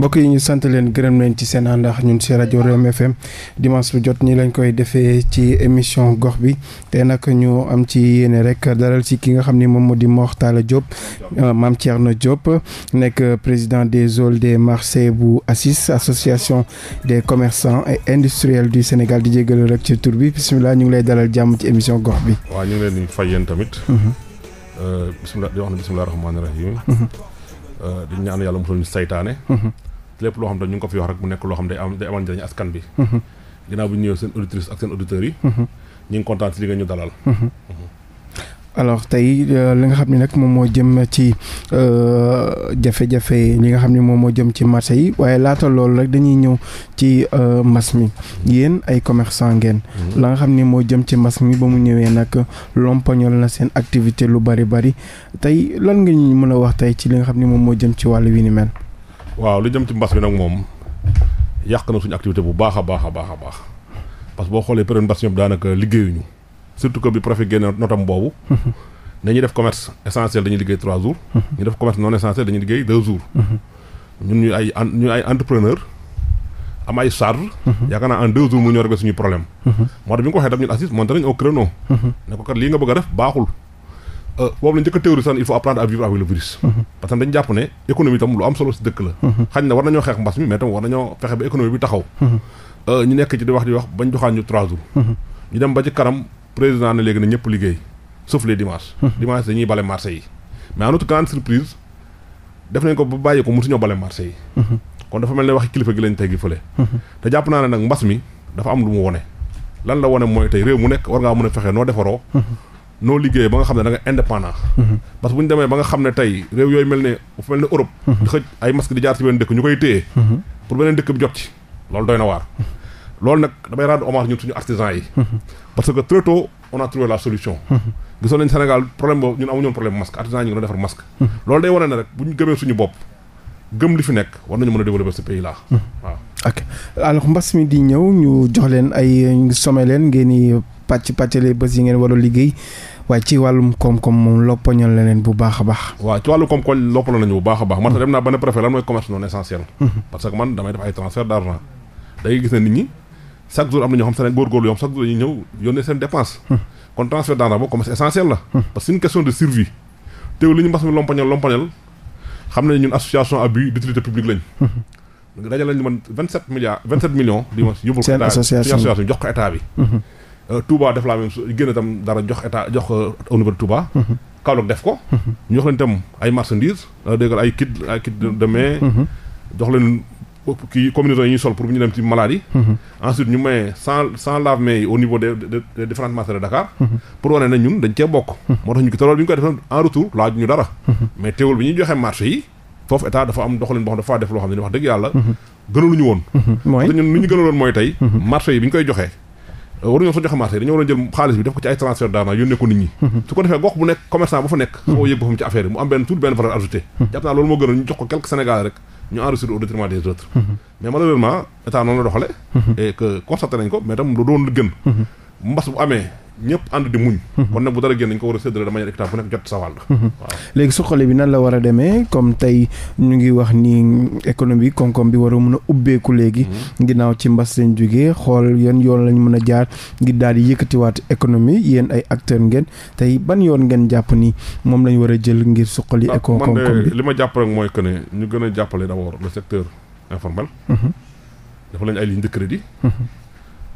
bokk yi ñu sant leen gërëm leen ci seen andax ñun si rajo Rewmi FM dimanche bu jot ñi lañ koy defee ci émission gox bi te nag ñu am ci yéene rek dalal si ki nga xam ni moom moo di Mor Talla Diop euh, Mame na Diop nekk président des halles des marchés bu ACIS association des commercant et industriels du Sénégal di jégalu rek ci tur bi ñu ngi lay dalal jàmm ci émission gox bi. waa ñu ngi leen di fay yéen tamit. Mhm. Euh, bisimilah di wax na bisimilah rahmaani rahim. Mhm. Euh, di ñaan lépp loo xam ko fi wax rek mu nekk loo xam day am day amal njëriñ askan bi mhm. ginnaaw bi ñu ñëwee seen auditrice ak seen auditeurs yi mhm. ñu ngi kontaan si li nga mhm. alors tey euh, li nga xam ne nag moom moo jëm ci euh, jafe-jafe nga xam ne moom moo jëm ci marché yi waaye laata loolu rek dañuy ñëw ci euh, mbas mi yéen ay commerçant ngeen la nga xam ne moo jëm ci mbas mi ba mu ñëwee nag lompañol na seen activité lu bari bari tey lan nga ñu mën a wax tey ci li nga xam ne moom moo jëm ci wàllu wi mel waaw lu jëm ci mbas bi nag moom yàq na suñu activité bu baax a baax a baax a baax parce que boo xoolee période mbas bi daanaka liggéeyuñu surtout que bi préfet génne notam boobu. dañuy def commerce essentiel dañuy liggéey trois jours. ñu def commerce non essentiel dañuy liggéey deux jours. ñun ñu ay ñu ay entrepreneur ay charge yaakaar naa en deux jours mu ñëw rek suñuy problème. moo tax bi nga ko waxee tam ñun assis monté nañu au créneau. ne ko kat lii nga bëgg def baaxul. Euh, boobu la njëkk a théorie sax il faut apprendre à vivre avec le virus mhm. parce que dañu jàpp ne économie tam lu am solo si dëkk la mhm. xañ na war nañoo xeex mbas mi mais tam war nañoo fexe ba économie bi taxaw mhm. euh, ñu nekk ci di wax di wax bañ joxaan ñu trois jours ñu dem ba ci kanam président ne léegi na ñëpp liggéey sauf les dimanches dimanche dañuy bale marché mais à notre grande surprise def nañ ko ba bàyyi ko mosuñoo bale marché kon dafa mel ne waxi kilifa gi lañ tey gi jàpp naa ne nag mbas mi dafa am lu mu wone lan la wone mooy tey réew mu nekk war ngaa a fexe noo defaroo noo liggéeyee ba nga xam ne da nga indépendant mhm. parce que bu ñu demee ba nga xam ne tey réew yooyu mel ne fu mel ne Europe mhm. di xëj ay masque di jaar ci benn dëkk ñu koy téye mhm. pour beneen dëkk bi jot ci loolu doy na waar loolu nag damay rendre hommage suñu artisan yi parce que très on a trouvé la solution gisoon nañ Sénégal problème boobu ñun amuñoon problème masque artisan yi ñu ngi doon defar masque loolu day wane ne rek bu ñu gëmee suñu bopp gëm li fi nekk a yi ngeen war waaye ci wàllum koom-koom moom loppañal la leen bu baax a baax waaw ci wàllu koom-koom loppal nañu bu baax a baax man sax mm-hmm. dem naa ba ne préfet mooy commerce non essentiel mm-hmm. parce que man damay def ay transfert d'argent day gis ne nit ñi chaque jour am na ñoo xam se ne góorgóorlu yoo xam ñëw yónnee seen dépense mm-hmm. kon transfert d'argent boobu commerce essentiel la parce que c'est question de Euh, Touba def la même chose génn itam dara jox état jox euh, au niveau de mhm. ko. Mhm. ñu jox ay marchandises. Euh, dégg ay kit ay kit de main. Mhm. jox ñu dem ci maladie. ensuite ñu may sans sans lave-mains de Dakar. pour dañ cee bokk. moo tax ñu te loolu bi ñu koy ñu dara. mais teewul bi ñuy joxe marché yi. foofu état dafa am doxalin boo xam dafa def loo xam ne wax dëgg yàlla. gënaluñu woon. mooy parce que ñu gënaloon mooy tey. marché yi bi ñu koy joxee. waruñoo sax joxe marché dañoo waroon jël xaalis bi def ko ci ay transfert d'argent yónnee ko nit ñi mhm. su ko defee gox bu nekk commerçant ba fa nekk foo yëg boppam ci affaire yi mu am benn tuuti benn valeur ajoutée mhm. jàpp naa loolu moo gën a ñu jox ko quelques Sénégalais rek ñu enrichir au détriment des autres mhm. mais malheureusement état noonu la doxale et ko mais tam lu doon gën mbas bu amee ñëpp ànd di muñ mhm. kon nag bu dara génn dañ ko war a séddale sa wàll mhm. waaw léegi bi nan la war a demee comme tey ñu ngi wax ni économie koom bi war a a ubbeeku léegi mhm. ginnaaw ci mbas seen xool yan yoon lañ mën a jaar ngir daal di yëkkatiwaat économie yéen ay acteur ngeen tey ban yoon ngeen jàpp ni moom lañ war a jël ngir suqali ah, éco koom li ma jàpp mooy que ne ñu gën a jàppale d'abord le secteur informel dafa lañ ay ligne de crédit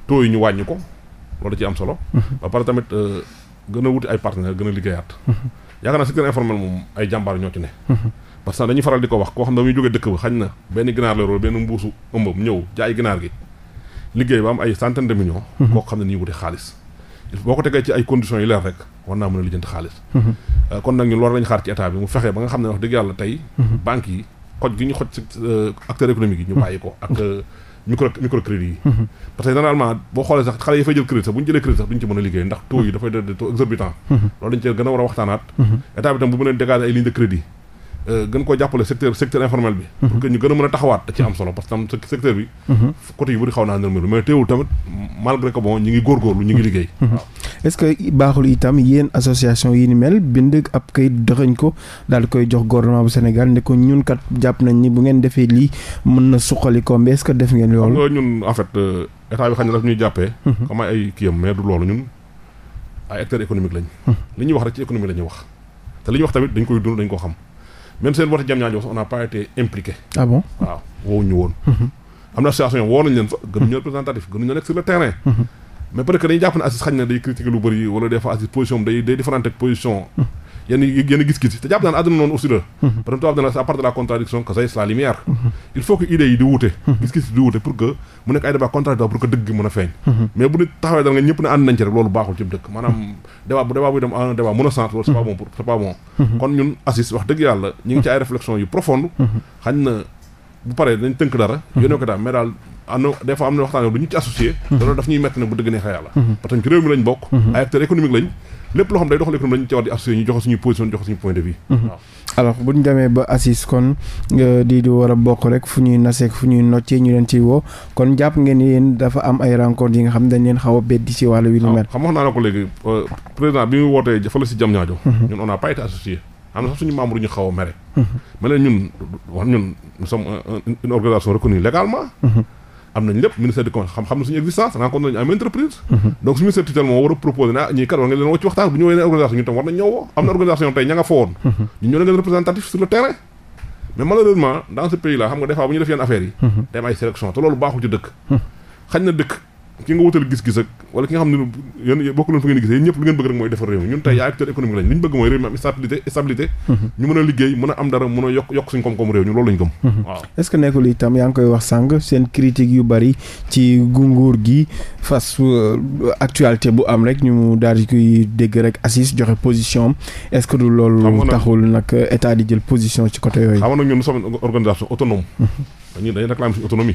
yi ñu wàññi ko loolu ci am solo. ba pare tamit euh, gën a wuti ay partenaires gën a liggéeyaat. yaakaar naa secteur informel moom ay jàmbaar ñoo ci ne. parce que dañuy faral di ko wax koo xam ne muy jógee dëkk ba xañ na benn ginaar la benn mbuusu ëmbam ñëw jaay ginaar gi. liggéey ba am ay centaine de koo xam ne nii wuti xaalis. boo ko tegee ci ay conditions yu leer rek war naa mën a lijjanti xaalis. Euh, kon nag ñu loolu lañ xaar ci état bi mu fexe ba nga xam ne wax dëgg yàlla micro microcrédit yi mhm. parce que normalement boo xoolee sax xale yi fay jël crédit sax bu ñu jëlee crédit sax duñu ci mën a liggéey ndax taux yi dafay de taux exorbitant mhm. loolu dañ ci gën a war a waxtaanaat mhm. état bu mu leen dégager ay ligne de crédit Euh, gën koo jàppale secteur secteur informel bi mhm. pour que ñu gën a mën a taxawaat da ci am solo parce que tam secteur bi mhm. côté yu bëri xaw naa nërmelu mais teewul tamit malgré que bon ñu ngi góorgóorlu ñu ngi mhm. liggéey waaw baaxul itam yéen association yi ni mel bind ab kayit dëxëñ ko daal koy jox gouvernement bu Sénégal ne ko ñun kat jàpp nañ ni bu ngeen defee lii mën na suqali ko mais est-ce que def ngeen loolu nga ñun en fait euh, état bi xam ne daf ñuy jàppee xam nga ay wax rek ci économie la ñuy tamit dañ koy dund dañ xam même seen woote jam ñaajo sax on n'a pas été impliqué ah bon waaw woowuñu woon mhm. am na association yoo woo nañ leen sax gënu ñoo représentatif gënu ñoo nekk sur le terrain mhm. mais peut-être que dañuy jàpp ne Aziz xañ na day critiquer lu bëri wala des fois Aziz position day day différente position mhm. yenn yenn gis-gis te jàpp naa ne àdduna noonu aussi la par exemple tubaab à part de la contradiction que c'est la lumière il faut que idées yi di wuute gis-gis di wuute pour que mu nekk ay débat contradictoire pour que dëgg gi mën a feeñ mais bu nit taxawee dal nga ñëpp ne ànd nañ ci rek loolu baaxul ci dëkk maanaam débat bu débat buy dem en débat monocent loolu c'est pas bon pour c'est pas bon kon ñun assis wax dëgg yàlla ñu ngi ci ay réflexion yu profonde xañ na bu paree dañ tënk dara yónnee ko daal mais daal am na des fois am na waxtaan yoo du ñu ci associé loolu daf ñuy metti ne bu dëgg neexee yàlla parce que ci réew mi lañ bokk ay acteurs économiques lañ lépp loo xam day doxal économie dañu ci war di assurer ñu joxe suñu position joxe suñu point de vue mhm. alors bu ñu demee ba assise kon di di war a bokk rek fu ñuy naseek fu ñuy noccee ñu leen ciy woo kon jàpp ngeen dafa am ay rencontre yi nga xam dañ leen xaw a beddi ci wàllu wi lu mel xam wax naa la ko léegi euh, président bi mu wootee fa la si jam ñaajo mhm. ñun on n'a pas été associé am na sax suñu membre ñu xaw a mere mhm. ma leen ñun ñun nous une organisation am nañ lépp ministère du commerce xam-xam na suñu existence rencontre nañu am entreprise mhm. donc suñu ministère tutelle war a proposé ne ah ñii kat war ngeen leen woo ci waxtaan bu ñu woowee organisation ñu tam war nañ ñoo woo am na organisation tey ña nga fa mhm. ñu ñoo leen représentatif sur le terrain mais malheureusement dans ce pays là xam nga des bu ñu def yenn affaires yi mhm. day ay sélection te loolu baaxul ci dëkk xañ na dëkk ki nga wutal gis-gis ak wala ki nga xam ne yéen bokk leen fa ngeen gis yéen ñëpp lu ngeen bëgg rek mooy defar réew mi ñun tey ay acteur économique lañ bëgg mooy réew mi am stabilité stabilité mhm. ñu mën a liggéey mën a am dara mën a yokk yokk suñ koom-koom réew ñu loolu lañ gëm mhm. waaw yaa ngi koy wax sànq seen critique yu bari ci gunguur gi fas euh, actualité bu am rek ñu daal di koy dégg rek assis joxe position am est-ce que du loolu taxul nag état di jël ci côté yooyu xam nga nag ñun nous sommes une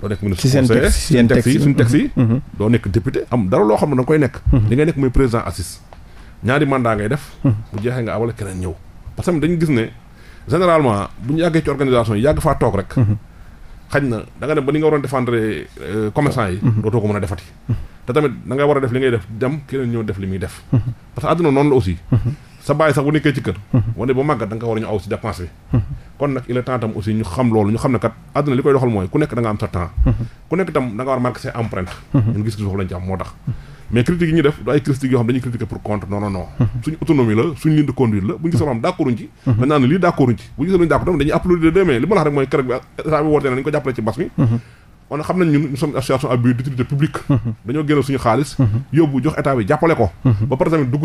doo nekk ministre conseiller ci seen am dara loo xam ne da koy nekk mm-hmm. li ngay nekk mooy président ACIS ñaari mandat ngay def mm-hmm. bu jeexee nga abal keneen ñëw parce que dañu gis ne généralement bu ñu yàggee ci organisation yi yàgg faa toog rek mm-hmm. xañ na da nga dem ba ni nga waroon défendre euh, commerçant yi dootoo ko mën a defati te tamit da nga war a def li ngay def dem keneen ñëw def li muy def parce que àdduna noonu la aussi sa bàyyi sax bu nekkee ci kër wane ba màggat kon nag il est temps tam aussi ñu xam loolu ñu xam ne kat àdduna li koy doxal mooy ku nekk da am sa temps ku nekk tam da war a marqué sa ñun gis-gis wax lañ critique pour compte non non non autonomie la suñu ligne de la bu ñu gisee loo xam d'accorduñ ci ko jàppale ci mbas mi on xam nañ ñun nous sommes association à but d'utilité publique dañoo génne suñu xaalis yóbbu jox état bi jàppale ko ba par exemple dugg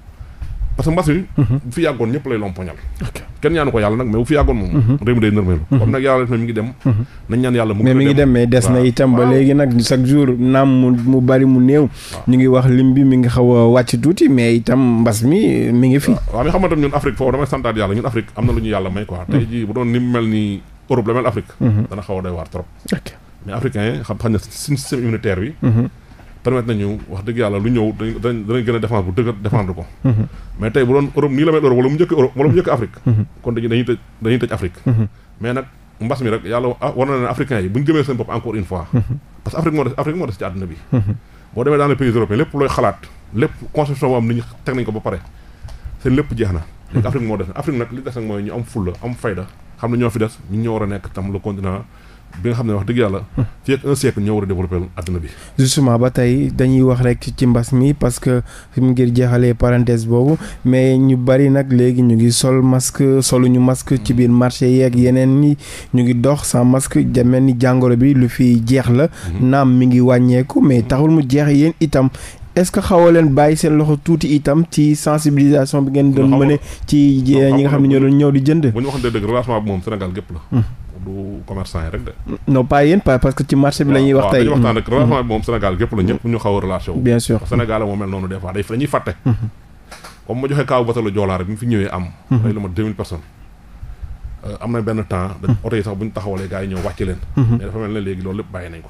parce que mbas bi mhm. bu fi yàggoon ñëpp lay lompoñal kenn ñaanu ko yàlla nag mais bu fi yàggoon moom mhm. réew mhm. mi ngi dem nañ ñaan yàlla mais mi ngi dem mais des na itam ba léegi nag chaque jour naam mu mu bari mu néew ñu ngi wax lim bi mi ngi xaw a wàcc tuuti mais itam mbas mi mi ngi fi waaw mais xam nga tam ñun Afrique foofu damay santaat yàlla ñun Afrique am na lu yàlla may quoi tey jii bu doon ni mel ni Europe la mel Afrique dana xaw a waar permettre nañu wax dëgg yàlla lu ñëw dañ danañ gën a défendre bu dëgg défendre ko mhm. mais tey bu doon Europe nii la mel Europe wala mu njëkk Europe wala mu njëkk Afrique mhm. kon dañuy dañuy tëj Afrique mhm. mais nag mbas mi rek yàlla ah, war na ne africains yi bu ñu gëmee seen bopp encore une fois parce que Afrique moo des Afrique moo des ci àdduna bi boo demee dans pays européens lépp looy xalaat lépp conception boo am nit ñi teg nañ ko ba pare seen lépp bi nga xam ne wax dëgg yàlla. Hmm. fii ak un siècle a développé àdduna bi. justement ba tey dañuy wax rek ci mbas mi parce que fi mu ngir jeexalee parenthèse boobu mais ñu bari nag léegi ñu ngi sol masque soluñu masque ci biir marché yeeg yeneen ñi ñu ngi dox sans masque demel ni jàngoro bi lu fi jeex la. Hmm. naam mi ngi wàññeeku mais taxul mu jeex yéen itam est-ce que xawoo leen bàyyi seen loxo tuuti itam ci sensibilisation bi ngeen doon mëne ci ñi nga xam ne ñoo doon ñëw di jënd bu ñu waxante dëgg relâchement bi moom Sénégal gépp la hmm. du commerçant yi rek de wax tey dañuy waxtaan rek hmm. relâchement moom Sénégal gépp la ñëpp ñu xaw a relâché hmm. bi ñëwee am lu ma deux mille personnes euh, am na benn temps oto yi sax bu ñu taxawalee gars yi ñëw wàcc leen mais dafa mel ne léegi loolu lépp bàyyi nañ ko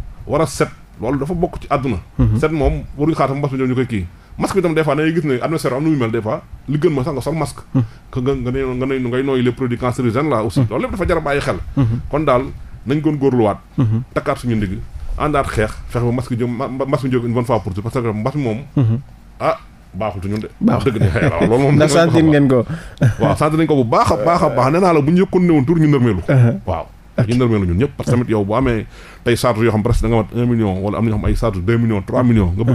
war a set loolu dafa bokk ci àdduna mhm. set moom waruñu xaar sama mbas mi ñëw ñu koy kii masque bi tam des fois da gis ne atmosphère am nu muy mel li gën ma sax nga sol masque mhm. que nga nga ne mhm. a bàyyi xel ba masque naa la bu ñu yëkkoon ne woon tur ñu nërmeelu uh-huh. waaw ñu nga bëgg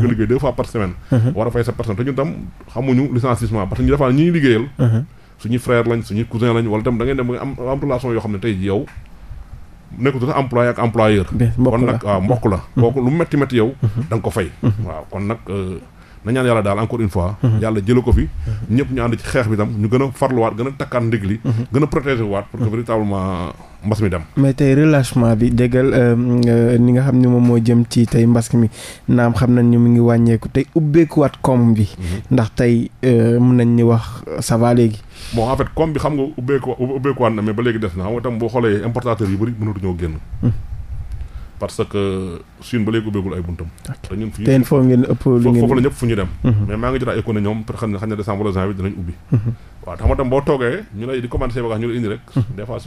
a liggéey deux fois uh-huh. war a fay sa personne te ñun tam xamuñu licenciement parce que ñu defaa ñuy liggéeyal uh-huh. suñu frère lañ suñu cousin lañ wala tam da dem ba am am relation yoo xam ne tey yow nekkul sax employé ak employeur kon nag waaw ah, la uh-huh. kooku lu metti metti yow da ko fay waaw kon nag euh, na ñaan yàlla daal encore une fois mhm. yàlla jëla ko fi mhm. ñëpp ñu ànd ci xeex bi tam ñu gën a farluwaat gën a takkaat ndig li mhm. gën a protéger waat pour que véritablement mbas mi dem mais tey relâchement bi déggal euh, euh, ni nga xam ne moom moo jëm ci tey mbas mi naam xam nañ ñu mu ngi wàññeeku tey ubbeekuwaat koom bi ndax tey euh, mën nañ ñu wax ça va léegi bon en fait koom bi xam nga ubbeeku ubbeekuwaat na mais ba léegi des na xam nga tam boo xoolee importateurs yi bëri mënatuñoo génn hmm. parce que Chine ba léegi ubbeegul ay buntam. te ñun foofu la ñëpp fu ñu dem. Mhm. mais maa ngi jot ay écho ne ñoom peut xam ne xam mhm. ne mhm. des fois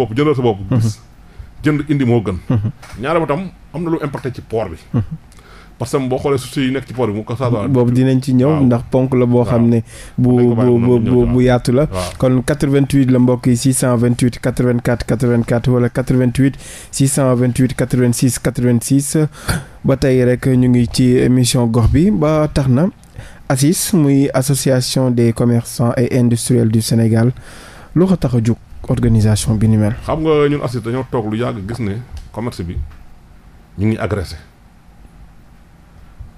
sinon indi moo gën. ñaareel ba tam am na lu impacté ci port bi parce que boo xoolee suuf yi nekk ci port bi mu ko boobu dinañ ci ñëw ndax ponk la boo xam ne bu bu bu bu yaatu la kon 88 la mbokk yi 628 84 84 wala 88 628 86 86 ba tey rek ñu ngi ci émission gox bi ba tax na ACIS muy association des commerçants et industriels du Sénégal loo ko tax a jóg organisation bi ni mel xam nga ñun ACIS dañoo toog lu yàgg gis ne commerce bi ñu ngi agressé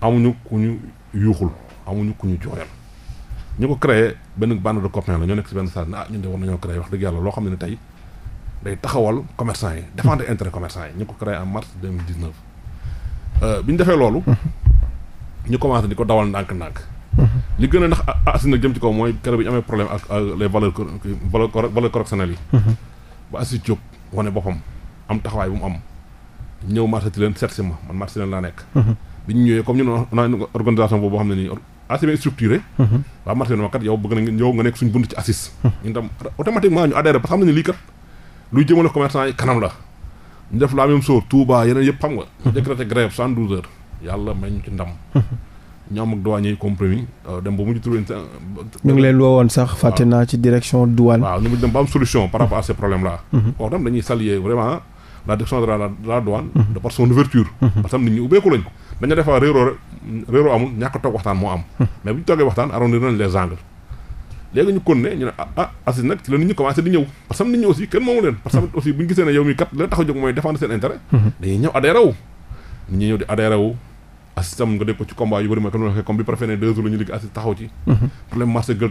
amuñu ku ñu yuuxul amuñu ku ñu jooyal ñu ko créé benn bande de copains la ñoo nekk si benn stade na ah ñun de war nañoo créé wax dëgg yàlla loo xam ne ne tey day taxawal commerçant yi défendre intérêt commerçant yi ñu ko créé en mars deux mille dix euh, bi ñu defee loolu ñu commencé di ko dawal ndànk-ndànk li gën a ndax ASIS ah, ah, na jëm ci kaw mooy keroog bi ñu amee problème ak les valeurs valeurs correctionnelles yi ba ASIS Diop wane boppam am taxawaay bu mu am ñëw marché ti leen seet si man marché leen laa nekk bi ñu ñëwee comme ñun on a une organisation boobu boo xam ne nii assez bien structurée. Mhm. waa marché bi kat yow bëgg nañ yow nga nekk suñ bunt ci assis. Mhm. ñun tam automatiquement ñu adhéré parce que xam nañu lii la. ñu def la même chose xam nga. Mhm. décrété grève cent douze heures. yàlla may ñu ci ndam. Euh, ñu am ak naa ci direction douane. waaw ñu mujj dem ba am solution par rapport à ces problèmes ubbeeku lañ. dañu def réeroo réeroo amul ñàkk toog waxtaan moo am. Hmm. mais bu ñu toogee waxtaan arrondir nañ les léegi ñu kon ne ñu ne ah Aziz ah, nag ci la nit ñi commencé di ñëw parce nit ñi aussi kenn moomu leen. parce aussi bu ñu gisee ne yow mi kat la tax a jóg mooy défendre seen intérêt. Hmm. dañuy ñëw adhéré wu. nit ñëw di adhéré wu. Aziz tam nga dégg ko ci yu bëri mooy comme bi préfet ne deux liggéey Aziz taxaw ci. Hmm. problème marché Gueule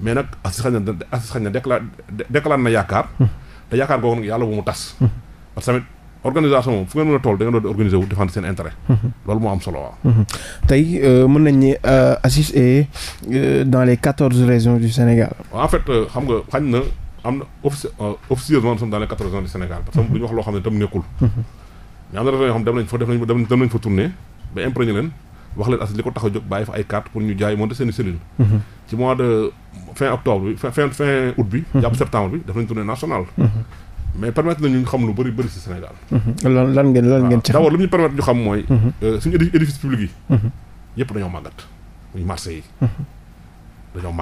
mais nag Aziz xañ na Aziz xañ na décla déclare na yaakaar hmm. te yaakaar googu nag yàlla bu mu tas hmm. parce que tamit organisation moom fu da ngeen doon organiser wu défendre seen intérêt hmm. loolu moo am solo waaw tey euh, mën nañ ne euh, Aziz est euh, dans les quatorze régions du Sénégal en fait xam nga xañ na am na offici officieusement dans les quatorze régions du Sénégal parce que du ñu wax loo xam ne tam nekkul mais am na régions yoo xam dem nañ fa def ba imprégné leen wax leen as li ko tax a jóg bàyyi fa ay carte pour ñu jaay monter seen i cellule mhm. ci mois de fin octobre bi fin fin fin août bi mhm. jàpp septembre bi def nañ tournée nationale mhm. mais permettre nañu ñu xam lu yi yëpp dañoo màggat muy marché yi dëgg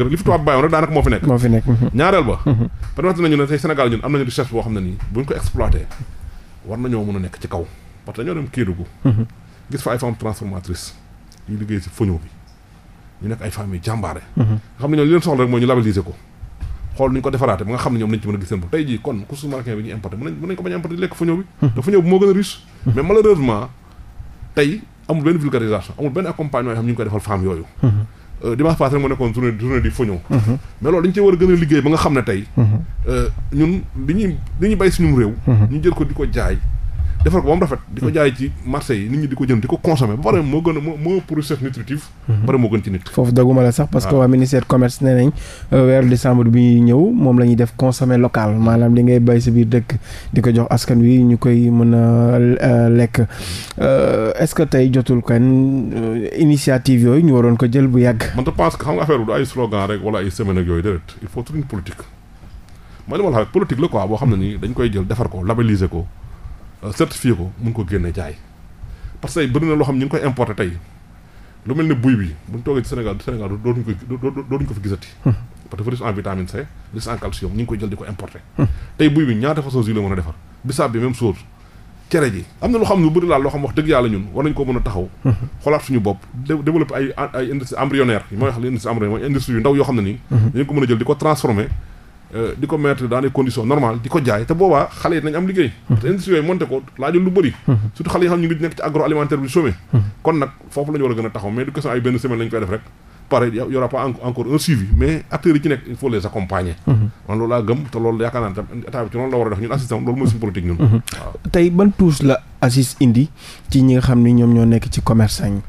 rek li fi tubaab bàyyoon rek daanaka nekk moo fi nekk ñaareel ba permettre nañu ne tey Sénégal ñun am nañu recherche boo xam ne nii bu ko exploité war nañoo mën a nekk ci kaw parce que dañoo dem Kédougou mhm. gis fa ay femmes transformatrices yuy liggéey si foño bi ñu nekk ay femmes yu jàmbaare nga mhm. xam ne ñoom leen soxla rek mooy ñu labelliser ko xool ni ñu ko defaraate ba nga xam ne ñoom nañ ci mën a gis seen bopp tey jii kon couscous marocain bi ñu importé mën nañ mën nañ ko bañ a importé lekk foño bi mhm. te foño bi moo gën a riche mais malheureusement tey amul benn vulgarisation amul benn accompagnement yooyu Euh, dimanche passé mu nekkoon journée journée du foño mhm. mais dañ cee war a gën a liggéey ba nga xam ne tey mhm. euh, ñun li ñuy li ñuy bay réew mhm. ñu jël ko di ko jaay defar ko ba mu rafet. di ko jaay ci marché nit ñi di ko jënd di ko consommer ba pare moo gën a moo moo processus nutritif. Mhm. ba pare moo gën ci foofu daguma la sax parce que waa ministère commerce nee nañ euh, weeru décembre bi ñëw moom la ñuy def consommer local maanaam li ngay bay sa biir dëkk di ko jox askan wi ñu koy mën a euh, lekk euh, est-ce que tey jotul kan initiative yooyu ñu waroon ko jël bu yàgg. man je pense que xam nga affaire du ay slogan rek wala ay semaine yooyu déedéet il faut une politique. mooy li boo xam ne nii dañ koy jël defar ko labelliser ko. Euh, certifié ko mun ko génne jaay parce que bëri loo xam ñu koy importé tey lu mel ne buy bi bu ñu toogee ci Sénégal Sénégal dootuñu ko dootuñu ko fi gisati. Hmm. parce que dafa riche en vitamine C riche en calcium ñu koy jël di ko importé. Hmm. tey buy bi ñaata façon jus la mën a defar bisaab bi même chose. cere ji am na loo xam lu bëri laal loo xam wax dëgg yàlla ñun war nañ ko mën a taxaw hmm. xoolaat suñu bopp développer ay industrie embryonnaire mooy mooy yoo xam ne nii a jël di ko Euh, di ko mettre dans des conditions normales di ko jaay te boobaa xale yi nañ am liggéey hmm. te industrie yooyu monté ko laajul lu bëri hmm. surtout xale yi ngi nekk ci agroalimentaire bi chômé hmm. kon nag foofu la war a gën a taxaw mais du question ay benn semaine la koy def rek pareil y encore un suivi mais acteurs yi ci nekk il faut les accompagner loolu laa gëm te loolu yaakaar naa tam état ci noonu la war a def ñun assistance loolu mooy suñu politique ñun ñi nga xam ni ñoom ñoo nekk ci commerçant yi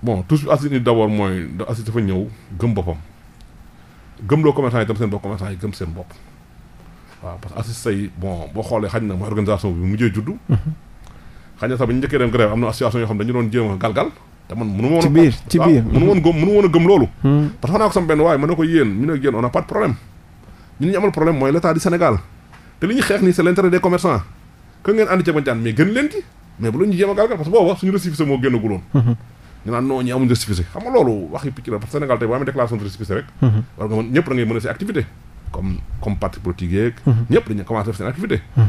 bon touche d' abord mooy assise dafa ñëw gëmloo commerçant yi gëm seen bopp commerçant yi gëm seen bopp waaw parce que assisté yi bon boo xoolee xañ na mooy organisation bi mujjee juddu. Mhm. xañ na sax bi ñu njëkkee dem grève am na association yoo xam dañu doon jéem galgal te man mënu woon woon gëm loolu hmm. parce que xanaa ko sama benn waaye mën na ko yéen ñu ne yéen on a pas de problème ñun ñu amal problème mooy l'état du Sénégal te li ñu xeex nii c'est leen ci mais bu la ñu jéem a galgal ñu naan non ñi amuñu récépissé xam nga loolu waxi picc la parce que Sénégal tey boo amee déclaration de récépissé rek mhm. war nga mën ñëpp da mën a seen activité comme comme parti politique yeeg mhm. ñëpp dañu commencé def seen activité mhm.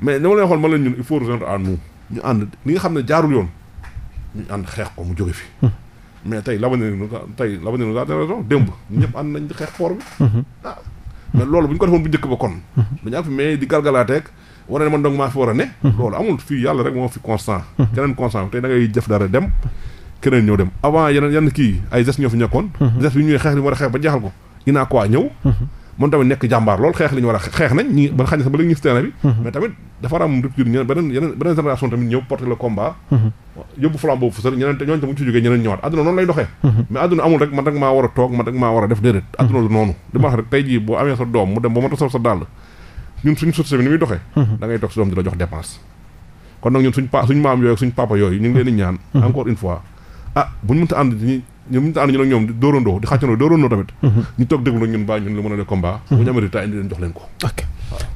mais dama leen xool ma leen ñun il faut rejoindre à nous ñu ànd li nga xam ne jaarul yoon ñu ànd xeex ko mu jóge fi mais tey laba ne tey laba ne daa raison démb ñu ñëpp ànd nañ xeex port bi ah. mais loolu bu ko defoon ba kon dañu am fi mais di galgalaateeg war ne man donc maa fi a ne da ngay keneen ñëw dem avant yeneen yenn kii ay ges ñoo fi nekkoon ges mhm. bi ñu war a boobu fu sal ñeneen te ñooñu tamit jógee ñeneen ñëwaat adduna noonu lay doxee mhm. mais adduna amul rek man rek maa war a toog man rek maa war a def déedéet adduna mhm. du noonu li rek tey jii boo amee sa doom mu dem ba ma sol sa dàll ñun suñu société ni muy doxee da toog sa doom di la jox dépense kon nag ñun suñ pa yooyu suñ leen ñaan encore une fois ah bu ñu mënta ànd ñu ñu mënta ànd ñu nag ñoom di dóorandoo di xàccandoo tamit mhm. ñu toog déglu mhm. leen ko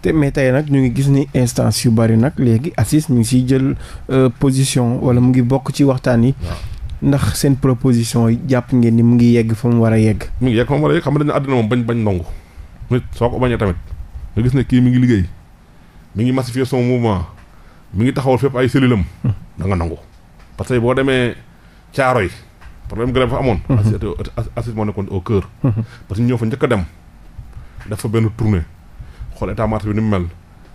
te mais nag ñu ngi gis ni instance yu bari nag léegi Aziz mu ngi siy jël euh, position wala mu ngi bokk ci waxtaan yi ndax seen proposition yi jàpp ngeen ni mu ngi yegg fa mu war a yegg mu ngi yegg xam nga dañu àddina moom bañ bañ ndongu nit soo ko bañee tamit nga gis ne kii mi ngi liggéey mu ngi massifier son ma mi ngi taxawal fépp ay cellule am mhm. da nga nangu caaro yi problème grève fa amoon. Mhm. ACIS moo nekkoon au cœur. Mhm. parce que ñoo fa njëkk a dem def fa benn tournée xool état marché bi ni mel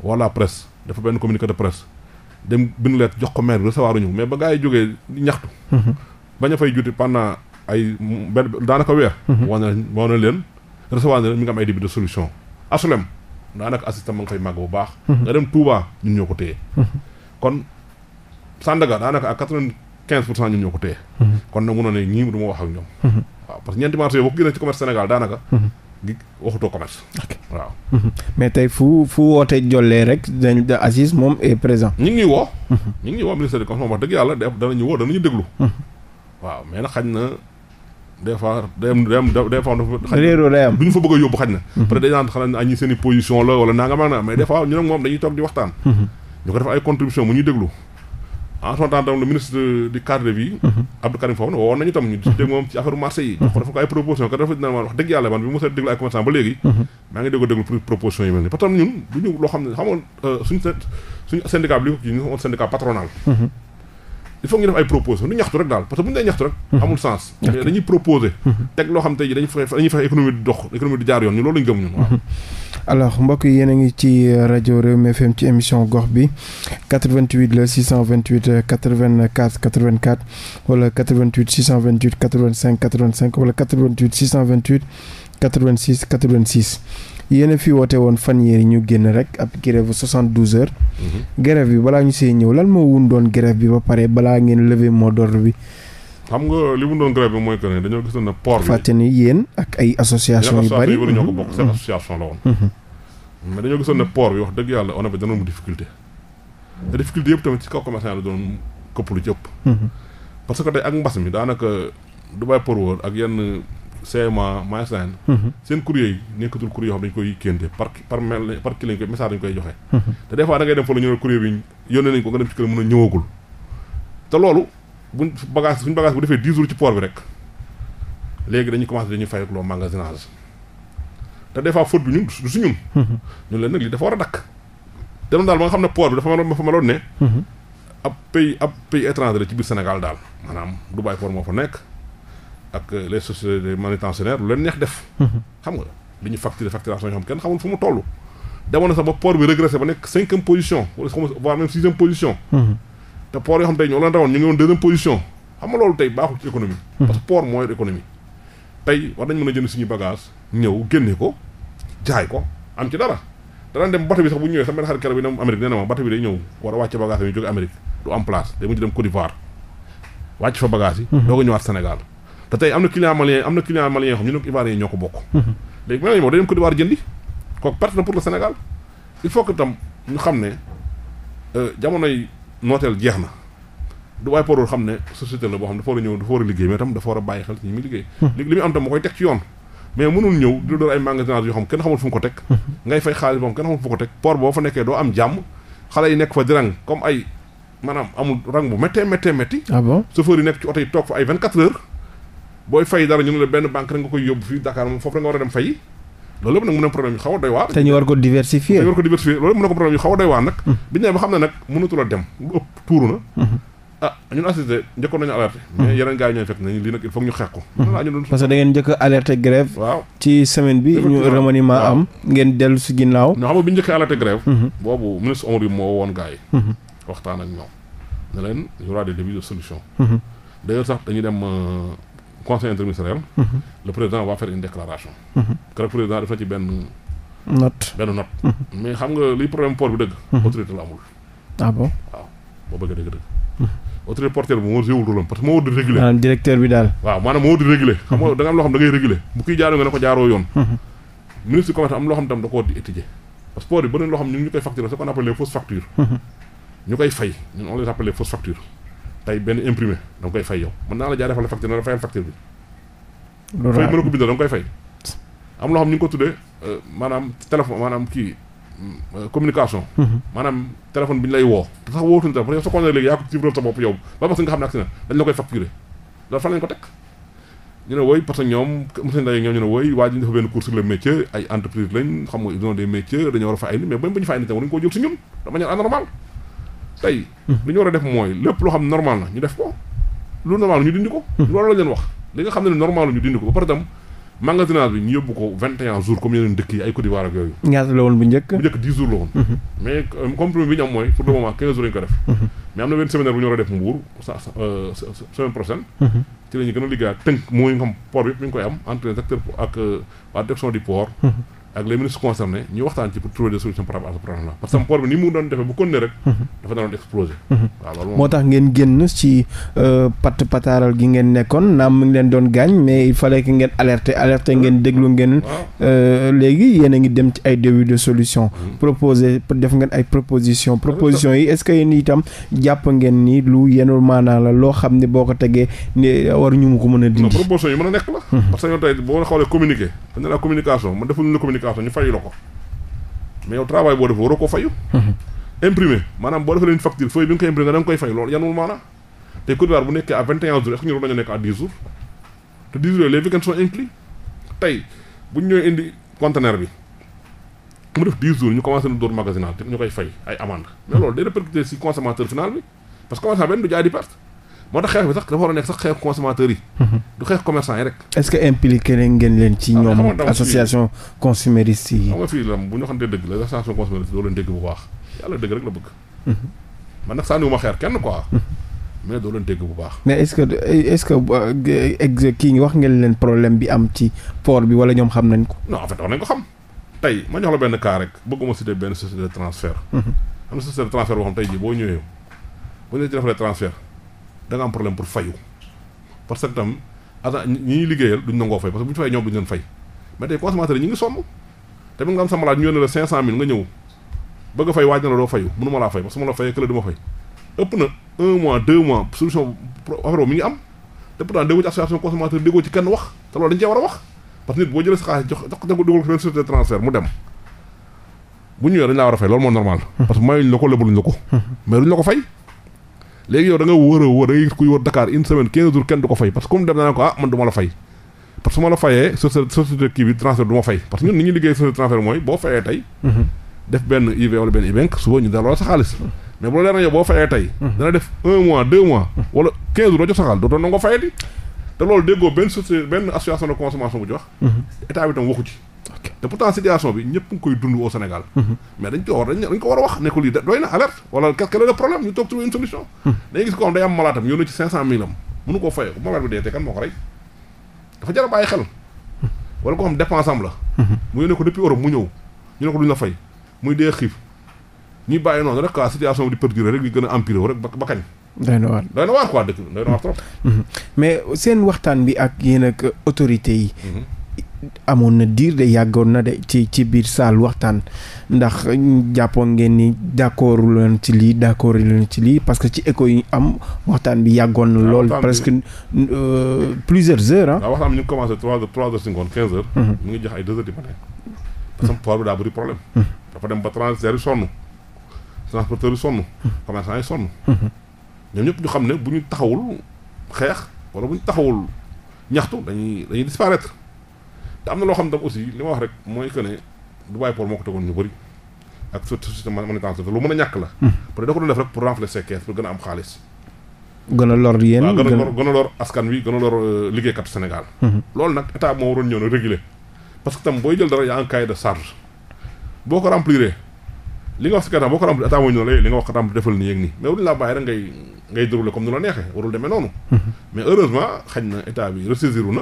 wala presse def fa benn communiqué de presse dem bind leet jox ko maire recevoir ñu mais ba gars yi jógee ñaxtu. Mhm. bañ a fay juuti pendant ay benn daanaka weer. wane wane leen recevoir leen mi nga am ay début solution. asulem daanaka ACIS ma nga fay màgg bu baax. nga dem Touba ñun ñoo ko téye. kon Sandaga daanaka ak 15 pour cent ñun ñoo ko téye. Mhm. kon nag mënoo ne ñii du ma wax ak ñoom. Mhm. waaw parce que ñeenti marché boo ko génnee ci commerce Sénégal daanaka. Mhm. gi waxutoo commerce. waaw. mais tey fu fu wootee jollee rek dañu da Aziz moom est présent. ñu ngi ñuy ñu ngi waaw mais nag xañ na des fois day am day am des fois. réeroo day am duñu fa bëgg a na. peut être position la wala nangam ak na mais des fois ñun moom dañuy toog di waxtaan. ñu ko def ay contribution mu ñuy déglu. en son temps tam ministre du cadre de vie mhm. Abdou Karim Fofana woon nañu tam ñu discuté moom ci affaire marché yi jox mhm. ko dafa ko ay proposition kat dafa dina wax dëgg yàlla man bi mos a déglu ay commerçant ba léegi mhm. maa ngi dégg déglu proposition yi mel nii parce ñun du ñu loo xam ne xam nga euh, suñu li ko kii ñu ngi syndicat il faut ñu def ay proposition du ñaxtu rek daal parce que bu ñu ñaxtu rek mhm. amul sens dañuy proposer teg loo xam tey ji dañuy fexe dañuy fexe économie di dox économie di jaar yoon ñu loolu lañ gëm ñun waaw mhm. alors mbokk yi yéen a ngi ci rajo Rewmi FM ci émission gox bi 88 la 628 84 84 wala 88 628 85 85 wala 88 628 86 86 yéen a fi woote woon fan yéer ñu génn rek ab grève 72 heures. Mhm. grève bi balaa ñu see ñëw lan moo wun doon grève bi ba pare balaa ngeen lever mot bi. xam nga li mu doon grève bi mooy que ne dañoo gisoon ne port bi. fàtte ni yéen ak ay association yu bari ñoo ko bokk seen mhm. association la woon. Mhm. ne port bi wax dëgg yàlla on avait danoon mu difficulté. difficulté yëpp tamit ci kaw la doon këpp lu ci parce que tey ak mbas mi daanaka Dubai Port World ak yenn CMA MSN. Mhm. seen courrier yi nekkatul courrier yoo xam dañu koy kénte par par mail par kii lañ koy message dañu koy joxe. Mhm. te des fois da ngay dem fa la ñu ne bi yónnee nañ ko nga dem ci kër mën a ñëwagul. te loolu buñ bagage suñ bagage bu defee dix jours ci port bi rek léegi dañuy commencé dañuy fay ak loo magasinage te des fois bi ñun du si mhm. ñun. leen nag li dafa war a dakk dem daal nga xam ne port bi dafa ma fa ma doon ne. ab pays ab moo fa nekk. ak leen neex def. xam nga dañu facturer facturation yoo xam kenn xamul fu mu toll. demoon na sax ba port bi régressé ba nekk cinquième position wala voire sixième position. Mhm. te port yoo xam tey ñoo leen rawoon ñu ngi woon deuxième position. xam nga loolu tey baaxul ci économie. Mhm. parce que port mooy économie. tey war nañ mën a jënd suñu bagage ñëw génne ko jaay ko am ci dara. danaan dem bato sax bu ñëwee sax mel xarit kër bi dem Amérique nee ma a wàcce bagage yi jóge Amérique du am place day te tey am na client malien am na client malien yoo xam ñu ne ko Ivoirien ñoo ko bokk léegi mel nañu moom dañu ko diwaar jëndi kooku perte na pour le Sénégal il faut que tam ñu xam ne euh, jamonoy nooteel jeex na du waaye porul xam ne société la boo xam dafa war a ñëw dafa war a liggéey mais tam dafa war a bàyyi xel ci ñi muy liggéey li yoo xam kenn xamul fu mu ko teg ngay fay xaalis boo xam kenn xamul fu mu am nekk fa di rang comme ay maanaam amul rang bu méttee méttee métti ah bon chauffeur yi nekk ci oto toog fa ay vingt-quatre heures booy fay dara ñu ne la benn banque rek nga koy yóbbu fii Dakar moom foofu rek nga war a dem fay loolu yëpp nag mu ne problème yu xaw a doy waar te ñu war ko diversifier te ñu war mu ne problème yu xaw a doy waar nag hmm. bi ne ba xam ne nag mënatul hmm. a ah, hmm. nag il faut ñu xeex ko parce que da ngeen njëkk a waaw ci semaine bi ñu remaniement am ngeen dellu si ginnaaw ñoo xam bi ñu njëkk a alerté boobu ministre Omar yi moo woon gars yi waxtaan ak conseil interministériel. Mhm. le président va faire une déclaration. Mhm. keroog président def na ci benn. note benn note. Mhm. mais xam nga liy problème port bi dëgg. autorité la amul. Ah waaw boo bëggee dëgg dëgg. autorité porteur bi moo jéewul rôle parce que moo war di réguler. directeur bi daal. waaw moo war di réguler. xam nga da am loo xam da ngay bu kii jaaroo nga ne ko jaaroo yoon. ministre du am loo xam tam da ko war parce que port bi bëri na loo xam ñu tey benn imprimé da koy fay yow mën naa la jaay defal la facture na la fayal facture bi. loolu mën a ko bindal koy fay. am loo xam ñu ngi ko tuddee euh, maanaam téléphone maanaam kii euh, communication. Mhm. maanaam téléphone bi ñu lay woo. te sax wootuñu téléphone yow sa ne dañ la koy lañ ko teg. ñu ne parce que ñoom monsieur Ndaye ñoom ñu ne wooy dafa benn cours sur le ay entreprise lañ xam nga ils ont des métiers war a fay ay nit mais bañ ba fay ay nit tam war nañu koo jël si ñun de manière anormale tey. Hmm. li ñu war a def mooy lépp loo xam normal na ñu def ko lu normal ñu dindi ko. Hmm. loolu la leen wax li ñu dindi ko ba pare tam magasinage bi ñu yóbbu ko vingt war a def Mbour euh, hmm. ci la gën a liggéeyaat tënk mooy nga xam port bi mi ngi koy am entre les acteurs ak waa euh, direction port. ak les ministres concernés ñu waxtaan ci pour trouver des solutions par rapport à ce problème là parce que port bi ni mu doon defee bu continuer moo tax ngeen génn ci euh, pat pataaral gi ngeen nekkoon naam mu ngi leen doon gaañ mais il fallait que ngeen alerter alerter ngeen déglu ngeen euh, léegi yéen ngi dem ci ay début de solution mm. proposer def ngeen ay proposition ah proposition yi est-ce que yéen itam jàpp ngeen ni lu yenul maanaa la loo xam ne boo ko tegee ne war ñu mu ko mën a dindi proposition a nekk la mm-hmm. parce que yow tey boo xoolee communiqué dañ ne la communication man defuñu la communication déclaration ñu fayu la ko mais yow travail boo def waroo ko fayu imprimer maanaam boo defee leen facture feuille bi nga koy imprimer da nga koy fay loolu yanul maanaam te Côte bu nekkee à vingt et jours est ñu war nañu nekk à dix jours te dix jours les week-ends sont inclus tey bu ñu ñëwee indi conteneur bi mu def dix jours ñu commencé na dóor magasinage te ñu koy fay ay amende mais loolu day répercuté si consommateur final bi parce que moo tax xeex bi sax dafa war a nekk sax xeex consommateur yi. Mhm. du xeex commerçant yi rek. est-ce que impliqué leen ngeen leen ci ah, ñoom. association consumériste yi. xam nga fii lam bu ñu waxantee dëgg la association consumériste doo leen dégg bu baax yàlla dëgg rek la bëgg. Mhm. man nag sànniwuma xeer kenn quoi. Mhm. mais doo leen dégg bu baax. mais est-ce que est-ce que kii ngi wax ngeen leen problème bi am ci port bi wala ñoom xam nañ ko. non en fait wax nañ ko xam tey ma jox la benn cas rek bëgguma citer benn société de transfert. am na société de transfert boo xam tey jii boo ñëwee bu ñu la ci defalee transfert. da nga am problème pour fayu parce que tam agent ñi ñuy liggéeyal duñ nangoo fay parce que bu ñu ñoom duñ leen fay mais tey consommateur yi ngi sonn tamit nga am sa malade ñu yónnee la 500000 nga ñëw bëgg a waaj na la doo fayu mënu ma laa fay parce que ma la fayee kële ci kenn wax te loolu dañ cee war a wax parce que nit boo jëlee sa jox jox ko dugal ko benn société de transfert dañ laa war a fay loolu moo normal hmm. parce que mayuñ la ko lëbaluñ la ko hmm. léegi yow da wër a wër da ngay kuy wër Dakar une semaine quinze jours kenn du ko fay parce que comme dem naa ko ah man du la fay parce que su la fayee société kii bi transfert du ma parce que ñun ni ñuy liggéey société transfert mooy boo fayee tey mhm. def benn IV wala benn IBANC suba ñu delloo sa xaalis mhm. mais bu leer na yow boo fayee tey mhm. dana def un mois deux mois wala quinze jours doo jox sa xaalis te loolu déggoo benn société benn te pourtant situation bi ñëpp ngi koy dund au Sénégal. Mm-hmm. mais dañ ko war dañ ko war a wax ne ko doy na alerte wala quel est le problème mm-hmm. ko a bàyyi xel. Mm-hmm. a empirer wu na doy na waar trop. mais seen waxtaan bi ak yéen ak autorités yi. amoon na diir de yàggoon na de ci ci biir saal waxtaan ndax jàppoon ngeen ni d'accord leen ci lii d'accord leen ci lii parce que ci écho yi am waxtaan bi yàggoon na ah, lool presque euh, plusieurs heures ah waxtaan bi ñu ngi commencé trois heures trois heures cinquante quinze heures mhm. mu ngi jox ay deux heures du matin parce que mhm. port bi daa bëri problème mhm. dafa dem ba transitaires yi sonn transporteurs yi sonn commerçants yi sonn ñoom ñëpp ñu xam ne bu ñu taxawul xeex wala bu ñu taxawul ñaxtu dañuy dañuy te am na loo xam tam aussi li ma wax rek mooy que ne Dubaï Port moo ko tegoon ñu bëri ak surtout société monétaire lu mën a ñàkk la. Hmm. parce da ko doon def rek pour renfler ses pour gën a am xaalis. gën a lor yéen waaw gën a lor a lor askan wi gën a lor euh, liggéeykat Sénégal. Hmm. loolu nag état moo waroon ñëw na réguler parce que tam booy jël dara yaa ngi cahier de charge boo ko rempliré li nga wax si katam boo ko rempli état moo ñëw la eh, li nga wax katam hmm. bi ressaisir na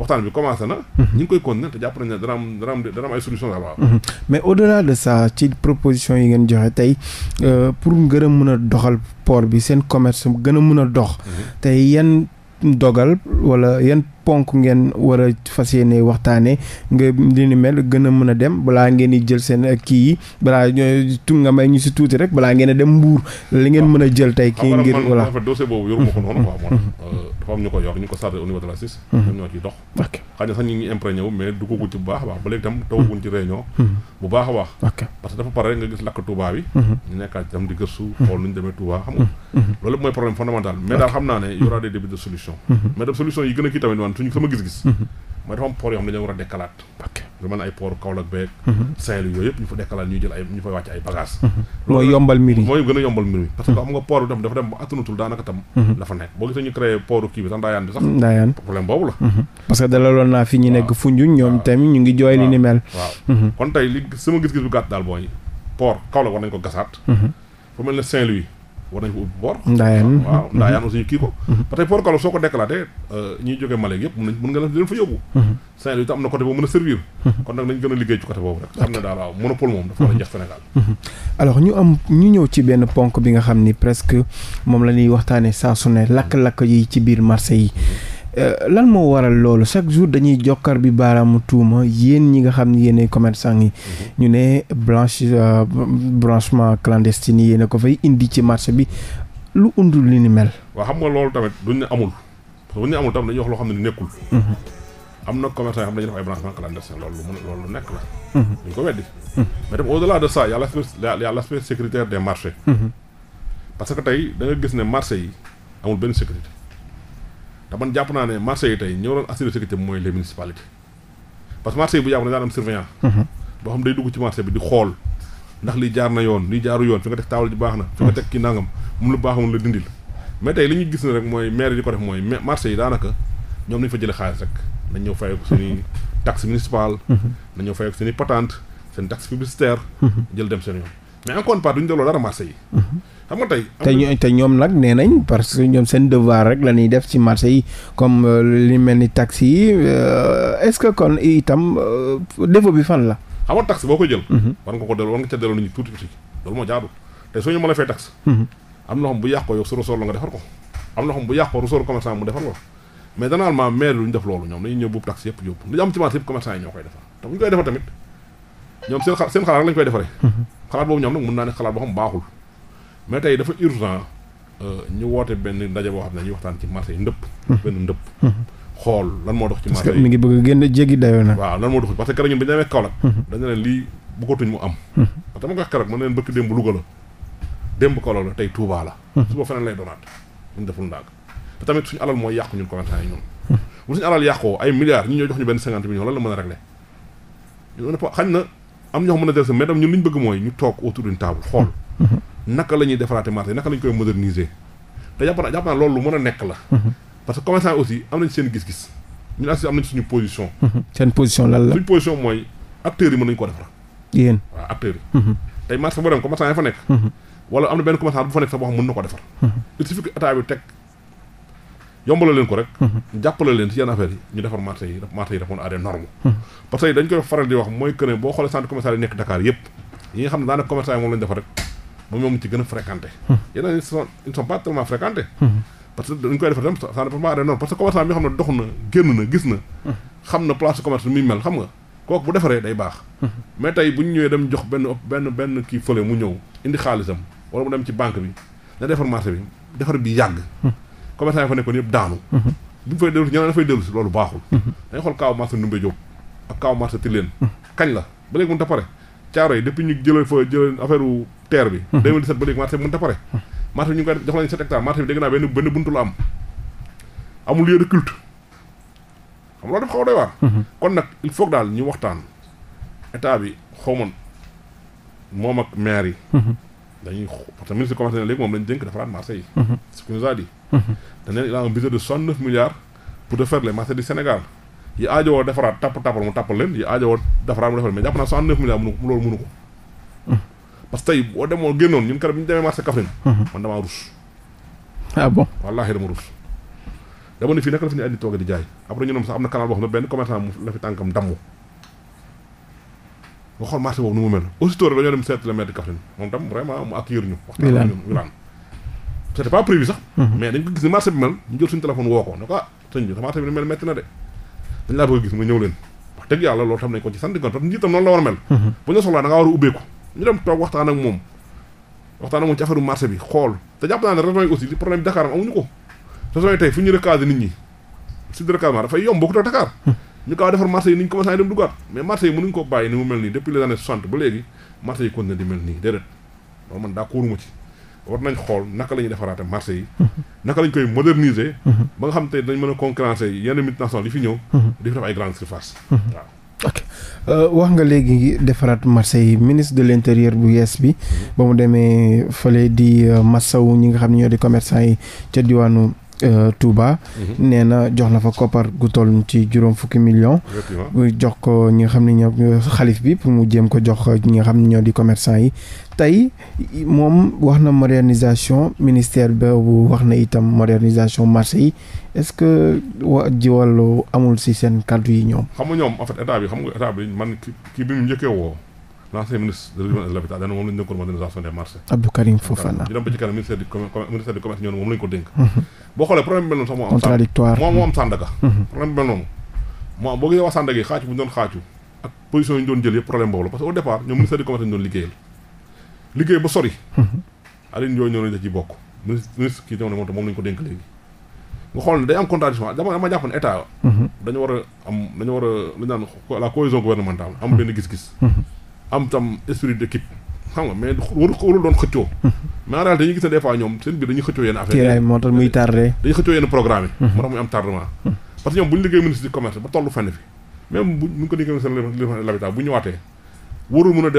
waxtaan bi commencé na. Mhm. ñu ngi koy continuer te jàpp nañ ay solution daal waaw. Mhm. mais au delà de ça ci proposition yi ngeen joxe tey euh, pour gën a mën a doxal poor bi seen commerce gën a mën a dox. Mhm. tey yan dogal wala yan. ponk ngeen war a fas yéene waxtaanee nga li ni mel gën a mën a dem balaa ngeen jël seen kii yi balaa tu nga may ñu si tuuti rek balaa ngeen a dem mbuur li ngeen mën a jël tey kii ngir ñu ko ko sarde au niveau de mhm. ñoo ciy dox xëy na sax ñu ngi imprégné wu mais duggaguñ ci bu baax a baax ba léegi tam ci mhm. réunion mhm. bu baax a baax parce que dafa pare nga gis lakk Touba bi ñu nekkaat tam di gëstu xool nu ñu demee Touba xam loolu mooy a maanaam suñu sama gis-gis mhm. mooy dafa am yoo xam ne dañoo war a dekkalaat lu mel ne ay port Kaolack beeg mhm. Saint-Louis yooyu yëpp ñu fa dekkalaat ñu fay wàcc mhm. a bi tam dafa daanaka tam la fa nekk boo gisee ñu créé port kii bi sax ndaayaan bi sax ndaayaan problème boobu la parce que dalaloon naa fi ñu nekk Foundiougne ñoom tamit ñu ngi jooy li ni mel waaw kon tey sama gis-gis bu gàtt daal mooy port Kaolack war nañ ko gasaat fu mel ne Saint-Louis war nañ ko ubbi port ndaayaan waaw ñu mhm. kii ko parce mhm. que port Kaolack soo ko déclaré euh, ñuy jógee Malek yëpp mën nañ mën nga leen fa yóbbu mhm. Saint-Louis tam na côté boobu mën a servir kon nag nañ gën a liggéey ci côté boobu rek xam ne daal waaw monopole moom dafa war a jeex Sénégal alors ñu am ñu ñëw ci benn ponk bi nga xam ni presque moom la ñuy waxtaane saa su ne lakk-lakk yi ci biir marché yi Euh, lan moo waral loolu chaque jour dañuy jokkar bi baaraamu tuuma yéen ñi nga xam ni yéenay commerçant yi mhm. ñu ne blanche euh, branchement clandestine yéen a ko fay indi ci marché bi lu undul li ni mel. waaw xam nga loolu tamit du ne amul parce que buñ ne amul loo xam ne nekkul. Mhm. am na commerçant yoo xam ne dañuy def ay branchement mhm. de ça y que tey da nga gis yi amul benn sécurité. te jàpp naa ne marché yi tey ñoo doon assurer sécurité bi mooy les municipalités parce que marché yi bu yàgg na daan am mhm. boo xam day dugg ci marché bi di xool ndax li jaar na yoon li jaaru yoon fi nga teg taawal ji baax na fi nga mhm. teg ki nangam mun lu baaxamul la dindil mais tey li ñu gis ne rek mooy maire yi di ko def mooy marché yi daanaka ñoom nañu fa jële xaalis rek nañ ñëw fayeko seeni mhm. taxe municipale nañ ñëw fayeko seeni patente seen taxe publicitaire jël dem seen yoon mais en dara marché yi xam nga tey. te ñoom te ñoom nag nee nañ parce que ñoom seen devoir rek la ñuy def ci marché yi comme euh, li mel ni taxi yi euh, est-ce que kon itam euh, défaut bi fan la. xam nga taxi boo ko jël. Mhm. war nga ko delloo war nga ca delloo nit ñi tuuti tuuti loolu moo jaadu te soo ñu mën a fay taxi. Mhm. am na xam bu yàqoo yow su resort la nga defar ko am na xam bu yàqoo resort commerçant mu defar ko mais généralement maire lu ñu def loolu ñoom dañuy ñëw buub taxi yëpp yóbbu lu am ci marché koy defar te bu ñu koy defar lañ koy defaree. Mhm. xalaat naa ne xalaat boo xam mais tey dafa urgent euh, ñu woote benn ndaje boo xam ne dañuy waxtaan ci marché yi ndëpp. Mhm. benn ndëpp. Mhm. xool lan moo dox ci marché yi mi ngi bëgg génn jéggi dayoo na. waaw lan moo dox parce que keroog ñun leen mhm. lii bëggatuñ mu am. parce que ma nga wax keroog mën na leen bëkk démb Louga la démb Kaolack tey Touba la. suba feneen lay doonaat ñu deful ndànk te tamit suñu alal mooy yàqu ñun commerçant yi ñun. bu suñu alal yàqoo ay milliards ñu ñoo jox ñu benn cinquante millions lan la mën a régler ñu ne xañ na am ñoo xam mën a jël sa mais tam ñun ñu bëgg mooy ñu toog autour d'une table xool naka la ñuy defaraate marché naka la ñu koy moderniser te jàpp naa loolu mën a nekk la. Mhm. parce que commerçant aussi am nañ seen gis-gis ñun aussi am nañ suñu position. Mhm. seen position lan la suñu position mooy acteurs nañu koo defar. yéen waaw acteurs yi. Mhm. am na ko defar. yi ñu defar marché yi yi répondre à nekk Dakar yëpp yi nga xam ne daanaka commerçant yi moom la defar rek moom ñoom ñu ci gën a fréquenté. Hmm. yeneen ils sont ils sont pas tellement fréquentés. Hmm. parce que dañ koy defar dem ça ne peut pas parce que commerçant na hmm. xam na place commerce bi muy mel xam nga kooku bu defaree day baax. mais tey bu ñu ñëwee dem jox benn benn benn kii fële mu ñëw indi xaalisam wala mu dem ci banque bi na defar marché bi defar bi yàgg. commerçant yi fa nekkoon yëpp daanu. bu ñu fay dellu si ñeneen dafay dellu si loolu baaxul. dañuy xool kaaw marché Ndoumbé Diop ak kaaw marché Tilène. la ba léegi mënut caaro yi depuis ñu jëlee fa jëlee affaire u terre bi 2017 hmm. ba a pare hmm. marché ñu ngi jox lañu sept hectares marché bi dégg naa benn buntu la am amul lieu de culte xam loolu dafa xaw a doy waar hmm. kon nag il faut daal ñu waxtaan état bi xaw ma moom ak maire yi dañuy parce que ministre commerce ne léegi moom lañu dénk defaraat a dit dañ leen il a un budget de soixante neuf milliards pour de faire les marchés Sénégal yi aajowoo defaraat tapp tappal mu tappal leen yi aajowoo defaraat mu defal mais jàpp naa soixante neuf milliards mënu loolu mënu ko parce que tey boo demoo génnoon ñun keroog bi ñu demee marché Kaffrine man damaa rus ah bon wallaahi dama rus dama ne fii naka la fi ñu andi tooge di jaay après ñu ne sax am na canal boo xam ne benn commerçant mu la fi tànkam damm nga xool marché boobu nu mu mel aussitôt rek dañoo dem seet le maire de Kaffrine moom tam vraiment mu accueillir ñu waxtaan ak ñun wilaan c'était pas prévu sax mhm. mais dañ ko gis ni marché bi mel ñu jël suñu téléphone woo ko ne ko ah sëñ bi sa marché bi ni mel metti na de dañ laa bëgg a gis nga ñëw leen wax dëgg yàlla loolu tam nañ ko ci sant di ko tam noonu la war a mel mhm. bu ñu soxlaa da war a ubbeeku ñu dem toog waxtaan ak moom waxtaan ak moom ci affaire marché bi xool te jàpp naa ne région aussi li problème bi Dakar am amuñu ko région yi tey fu ñu recaser nit ñi si de recasement dafay yomb bokkut ak hmm. ñu gaaw defar marché yi ni ñu commencé dem dugaat mais marché yi mënuñu ko bàyyi ni mu mel war nañ xool naka la ñuy defaraate marché yi naka lañ koy moderniser ba nga xam te dañ mën a concurrencer yenn multinationales yi fi ñëw di fi def ay grandes surfaces waaw ok euh, wax nga léegi defaraat marché ministre de l' bu yees bi ba mu demee fële di euh, massaw ñi nga xam ne ñoo di commerçant yi ca diwaanu Euh, Touba. Mhm. nee na jox na fa koppar gu toll ci juróom fukki million jox ko ñi nga xam ne ñoo xalif bi pour mu jéem ko jox ñi nga xam ne ñoo di commerçant yi tey moom wax na modernisation ministère boobu wax na itam modernisation marché yi est-ce que wa jiwal amul si seen kàddu yi ñoom. xam nga ñoom en bi xam nga état bi man ki bi mu l'ancien ministre de l'urbanisme et de l'habitat dana moom la ñu dénkoon modernisation des moom la ko dénk mhm. boo xoolee problème bi mel sax moo am contradictoire mhm. problème bi mel noonu boo gisee wax Sandaga yi xaacu bu ñu doon xaacu ak position yi ñu doon jël yëpp problème boobu la parce que au départ ñoom ministère du commerce ñu doon liggéeyal liggéey ba sori mhm. Aline Ndoye ñoo nañ da ci bokk ministre ministre kii jamono moom tam moom la ko dénk léegi nga xool ne day am contradiction dama jàpp ne état dañu war a am dañu war a la cohésion gouvernementale am tam esprit d'équipe xam nga mais waru warul doon xëccoo mais en réalité ñu gis ne des ñoom seen biir dañuy xëccoo yenn affaire moo tax muy tardé dañuy xëccoo yenn programme moo tax muy am tardement parce que ñoom bu ñu liggéey ministre commerce ba tollu fenn fi même bu ñu ko liggéey ministre de l'habitat bu ñëwaatee warul mën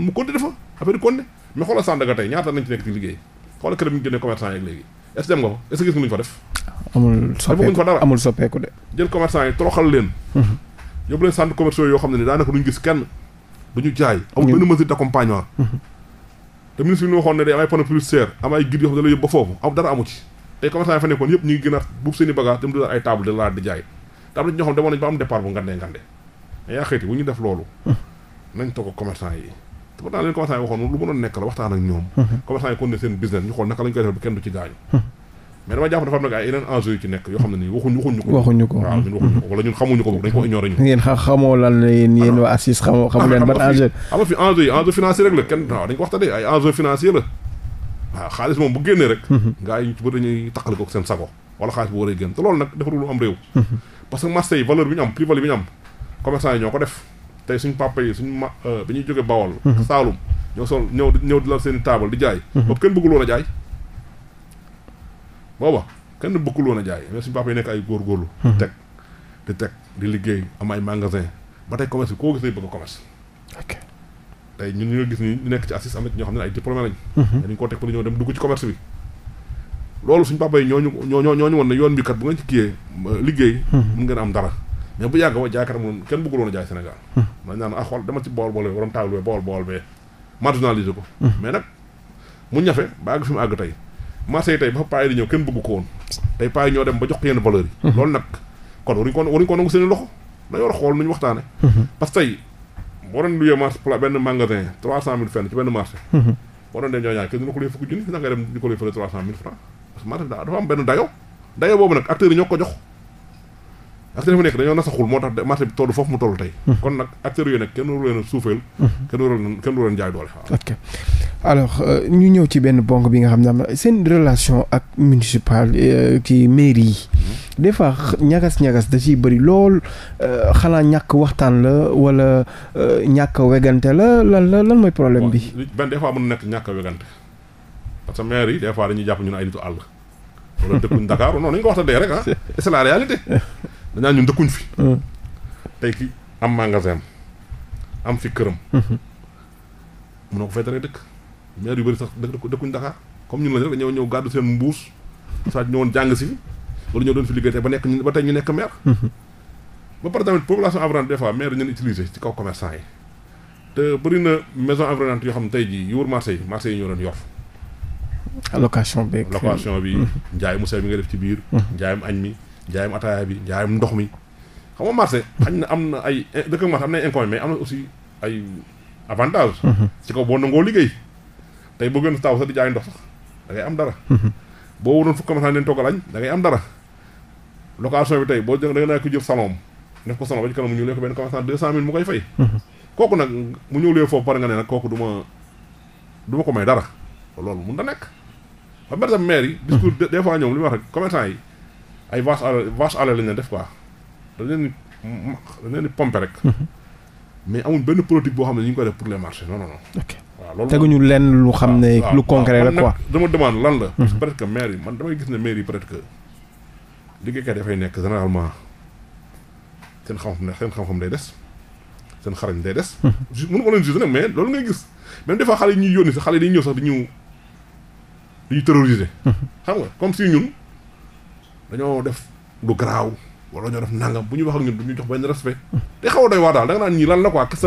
mu konte dafa affaire tey ñaata nañ ci nekk ci liggéey xoola kër mi génne commerçant yeeg léegi est ce dem nga fa est gis nga fa def amul soppeeku yóbbu leen centre commercial yoo xam ne ni daanaka duñu gis kenn duñu jaay amul benn mesure d' accompagnement te ministre bi ñu waxoon ne day am ay panneau am ay guide yoo xam ne da la yóbbu yëpp ñu ngi gën a buub seen i bagage dem loolu nañ toog commerçant yi te pourtant leen commerçant yi nekk la waxtaan ak ñoom commerçant yi kon ne seen business ñu xool naka lañ koy def ba kenn du ci gaañu mais dama jàpp dafa am nag ay yeneen enjeu ci nekk yoo xam ne nii waxuñ waxuñu ko waxuñu ko waaw ñun waxuñu ko wala ñun xamuñu ko boog dañ ko ignoré ñu ngeen xamoo lan la ay enjeu financier la waaw xaalis moom bu génnee rek mhm. gars yi ñu ci bëri dañuy taqali seen sago wala xaalis bu war a génn te loolu nag defarul am réew mhm. parce que marché yi valeur bi ñu am plus yi ñoo ko def tey suñ papa suñ ma euh, bi ñuy jóge Bawol mhm. Saalum ñoo sol ñëw di booba kenn bëggul woon a jaay mais suñu papa yi nekk ay góorgóorlu hmm. teg di teg di liggéey am ay magasin ba tey commerce bi koo gis day bëgg a commerce ok tey ñun ñu nga gis ni ñu nekk ci assis amet ñoo xam ne ay diplômé lañ hmm. dañ koo teg pour ñoo dem dugg ci commerce bi loolu suñu papa woon ne yoon bi kat bu ngeen ci kiyee liggéey hmm. mun ngeen am dara mais bu yàgg ba jaaykatam moom kenn bëggul woon a jaay Sénégal man naan ah xool demal ci bool bool waram taabal bee bool bool bee ko mais nag mu ñafe ba àgg fi mu àgg tey Marseille tey ba fa paa di ñëw kenn bëgg ko tey paa ñoo dem ba jox ko yenn valeur yi loolu nag kon waruñu ko waruñu ko nangu seen loxo dañoo war a xool nu ñu waxtaane parce tey boo dem dayo dayo boobu nag acteurs yi ñoo ko jox acteurs yi fa nekk dañoo nasaxul moo tax marché bi toll foofu mu toll tey kon nag acteurs yooyu nag kenn waru suufeel kenn waru jaay doole waaw alors euh, ñu ñëw ci benn bonk bi nga xam ne am na seen relation ak municipal euh, kii mairie yi mhm. des fois ñagas-ñagas da si bëri lool euh, xanaa ñàkk waxtaan la wala ñàkk wegante la lan la lan mooy problème bi. benn des fois mën na nekk ñàkk wegante parce que maire yi des fois dañuy jàpp ñun ay nitu àll. wala dëkkuñ Dakar non nañ ko waxtaanee rek ah c'est la mm. ki am magasin am fi këram. munoo mm-hmm. ko fay tere dëkk. maire yu bëri sax dëkk dëkkuñ Dakar comme ñun la rek dañoo ñëw gàddu seen mbuus saa ñëwoon jàng si fi wala doon fi liggéey ba nekk ñu ñu nekk maire mhm. ba pare tamit population environnante des maire ñun utiliser ci kaw commerçant yi te bëri na maison environnante yoo xam ne tey jii yu wër marché yi marché yi ñoo doon yor location bi location mhm. bi njaayum sew bi nga def ci biir mhm. njaayum añ mi njaayum ataaya bi njaayum ndox mi xam nga marché xañ na am na ay dëkk marché am na ay mais am aussi ay avantage ci kaw boo nangoo liggéey tey boo gën taaw sax di jaay ndox sax da am dara boo waroon fukk commerçant leen toggal añ da ngay am dara location bi tey boo da nga naa ko jël salon def ko salon ba ci kanam mu ñëw ko benn commerçant deux cent mille mu koy fay kooku nag mu ñëw lee foofu pare nga ne nag kooku du ma du ma ko may dara loolu mun da nekk xam nga maire yi discours des fois ñoom li ma wax rek commerçant yi ay vache à vache à lañ leen def quoi dañ leen dañ leen di rek mhm. mais amul benn boo xam ne ñu ngi pour les marchés non teguñu lenn lu xam ne lu concret la quoi dama demande lan la mhm. peut-être que maire yi man damay gis ne maire yi peut-être que liggéeykat dafay nekk généralement seen xam-xam seen xam-xam day des seen xarañ day des mhm. mënu ma leen juge nag mais loolu ngay gis même des fois xale yi ñuy yónni sax xale yi dañuy ñëw sax dañu dañuy terroriser mhm. xam nga comme si ñun dañoo def lu garaaw wala ñoo def nangam bu ñu wax ak ñun du ñu jox benn respect te xaw a doy waa daal da nga naan lan la quoi quest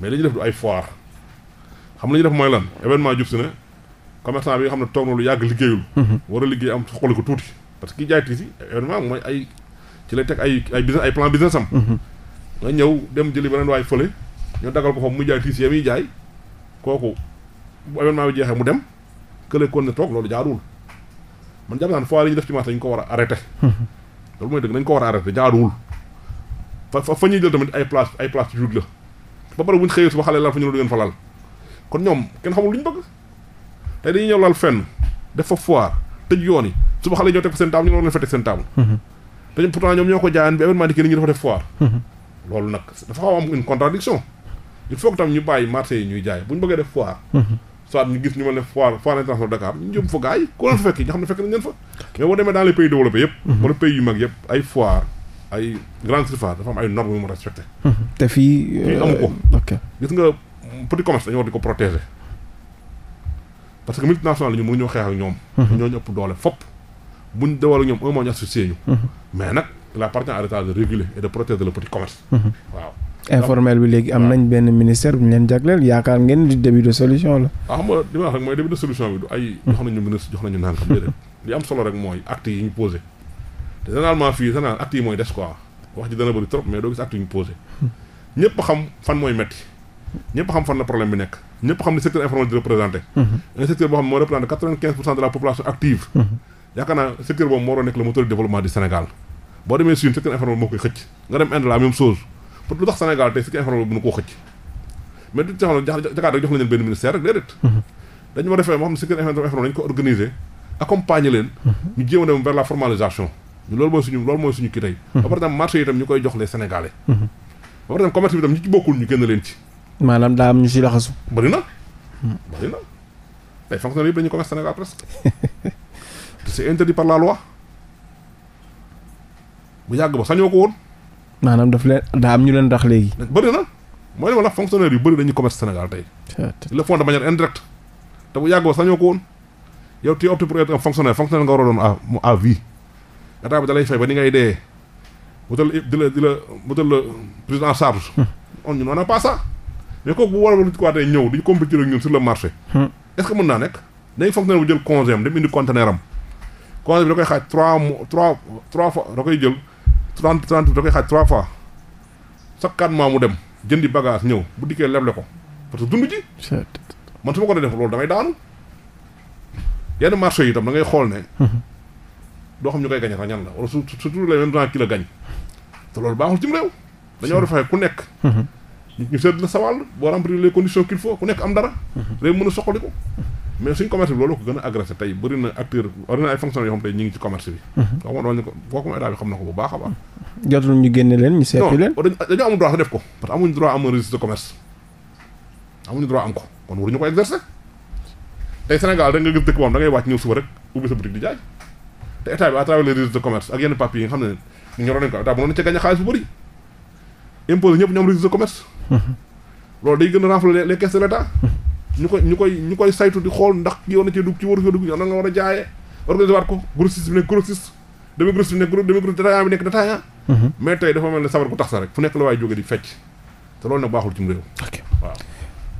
mais li ñu def du ay foire xam na ñu def mooy lan événement jub si ne commerçant bi xam ne toog na lu yàgg liggéeyul mhm. war a liggéey am xool ko tuuti parce que ki jaay tiisi événement mooy ay ci lay teg ay ay business ay plan business am mhm. nga ñëw dem jëli beneen waay fële ñu dagal ko foofu muy jaay tiisi jaay kooku bu événement bi jeexee mu dem kële ne toog loolu jaaduwul man jàpp naa ne ñu def ci marché dañu ko war a arrêté mhm. loolu mooy ko war a arrêté jaaduwul fa fa ñuy jël ay place ay place publique la ba pare bu ñu xëyee suba xale lal fa ñu ne du ngeen fa lal kon ñoom kenn xamul lu ñu bëgg tey dañuy ñëw lal fenn def fa foire tëj yoon yi suba xale ñoo teg fa seen table ñu mhm. pourtant ñoom ñoo ko jaayaan bi événement di kii ñu dafa def mhm. loolu nag dafa xaw am une contradiction il faut tam ñu bàyyi marché yi ñuy jaay bu ñu bëggee def foire mhm. soit ñu gis ñu mel ne foire foire internationale Dakar ñu jëm fa gars yi ku leen fa yi nga xam ne fekk nañ fa mais ay grande surface dafa am ay normes yu mu respecté. Mhm. te fii. fii euh, amu gis nga petit commerce dañoo war di ko protéger parce que multinationales yi ñu mënuñoo xeex ak ñoom. Mhm. ñoom mhm. mais nag il appartient à l'État de et de protéger le petit commerce. informel bi léegi am nañ benn ministère bu ñu leen jagleel yaakaar ngeen di début de solution la. waaw ah, xam nga li ma wax rek mooy début de solution bi du ay. jox nañu am solo rek mooy actes yi ñu posé. te généralement fii général actes mooy des quoi wax ji dana bëri trop mais doo gis actes yu ñu posé ñëpp xam fan mooy metti ñëpp xam fan la problème bi nekk ñëpp xam ne secteur informel di mhm. mhm. le moteur de développement du Sénégal boo demee Chine secteur informel moo koy xëcc nga dem Inde la même chose pour lu tax Sénégal tey secteur informel bu nu koo xëcc mais du taxaw jakaar jox la benn ministère rek déedéet mhm. dañu war moo xam ne secteur informel dañu ko organiser accompagner leen ñu loolu mooy suñu loolu mooy suñu kii tey mhm. ba pare tam marché yi tam ñu koy jox les sénégalais mhm. ba pare tam commerce bi tam ñi ci bokkul ñu génn leen ci maanaam daa am ñu si laxasu bëri na mhm. bëri na tey fonctionnaire yëpp dañuy commerce Sénégal presque te c'est interdit par la loi bu yàgg ba sañoo ko woon maanaam daf leen daa am ñu leen rax léegi bëri na mooy li ma la fonctionnaire yu bëri dañuy commerce Sénégal tey ils le font de manière indirecte te bu yàgg ba sañoo ko woon yow tu optes pour être un fonctionnaire fonctionnaire nga war a doon à à vie état bi da lay fay ba ni ngay dee bu tal di la di la mu tal la prise en charge. Hmm. on ñun on n'a pas ça. mais kooku bu waroon a quoi ñëw di compétir ak ñun sur le marché. Hmm. est-ce que mën naa nekk. dañuy fonctionnaire bu jël congé am dem indi conteneur am. congé bi da xaaj trois mois trois trois fois da koy jël trente trente da koy xaaj fois chaque quatre mois mu dem jëndi bagage ñëw bu dikkee leble ko parce que dund ci. man su ko doon def loolu damay daanu. yenn marché yi tam da ngay xool ne. Hmm. doo xam ñu koy gagné sax ñan la wala surtout les mêmes gens qui la gagne te loolu baaxul ci mu réew dañoo war a fexe ku nekk ñu seet la sa wàll boo remplir les conditions qu'il faut ku nekk am dara réew mën a soqali ko mais suñ commerce ñu ngi ci commerce bi kooku mhm. moom ko ko bu baax a baax jotul ñu génne leen ñu seeti leen dañoo amul droit sa def ko parce que amuñu droit am un registre de commerce amuñu droit am ko kon waruñu ko exercer tey Sénégal da nga gis dëkk boo xam da ngay ñëw suba rek ubbi sa boutique di jaay te état bi à travers les registres de commerce ak yenn papiers yi nga xam ne ni ko état mënoon na ca gagné xaalis bu bëri imposé ñëpp ñu am registre commerce loolu day gën a renfler les caisses de l'état ñu koy ñu koy ñu koy saytu di xool ndax ki na cee dugg ci waru cee dugg ño nga war a jaayee organisé waat ko grossiste bi nekk grossiste demi mhm. mais tey dafa mel ne sabar ku tax sa rek fu nekk la waaye jóge di fecc te loolu nag baaxul ci mu réew waaw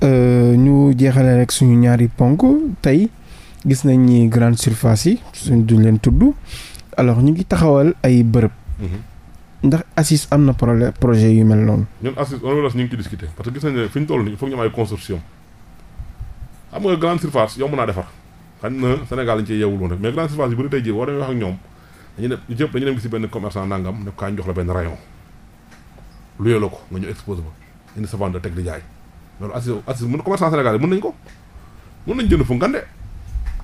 euh, ñu jeexale rek suñu ñaari ponk tey gis nañ ni grande surface yi suñ duñ leen tudd alors ñu ngi taxawal ay bërëb. Mhm. ndax ACIS am na projet projet yu mel noonu. ñun ACIS on ñu ngi ci discuter parce que gis nañ ne fi ñu toll nii foog ay consortium xam nga grande surface yomb naa defar xañ na Sénégal lañ cee yeewul woon rek mais grande surface yi bu ñu tey jii war nañu wax ak ñoom dañuy dem jëpp dañu dem gis benn commerçant nangam ne kaa ñu jox la benn rayon. luyee la ko nga ñëw exposé ba indi sa vendeur teg di jaay loolu ACIS ACIS mën nañ ko mën nañ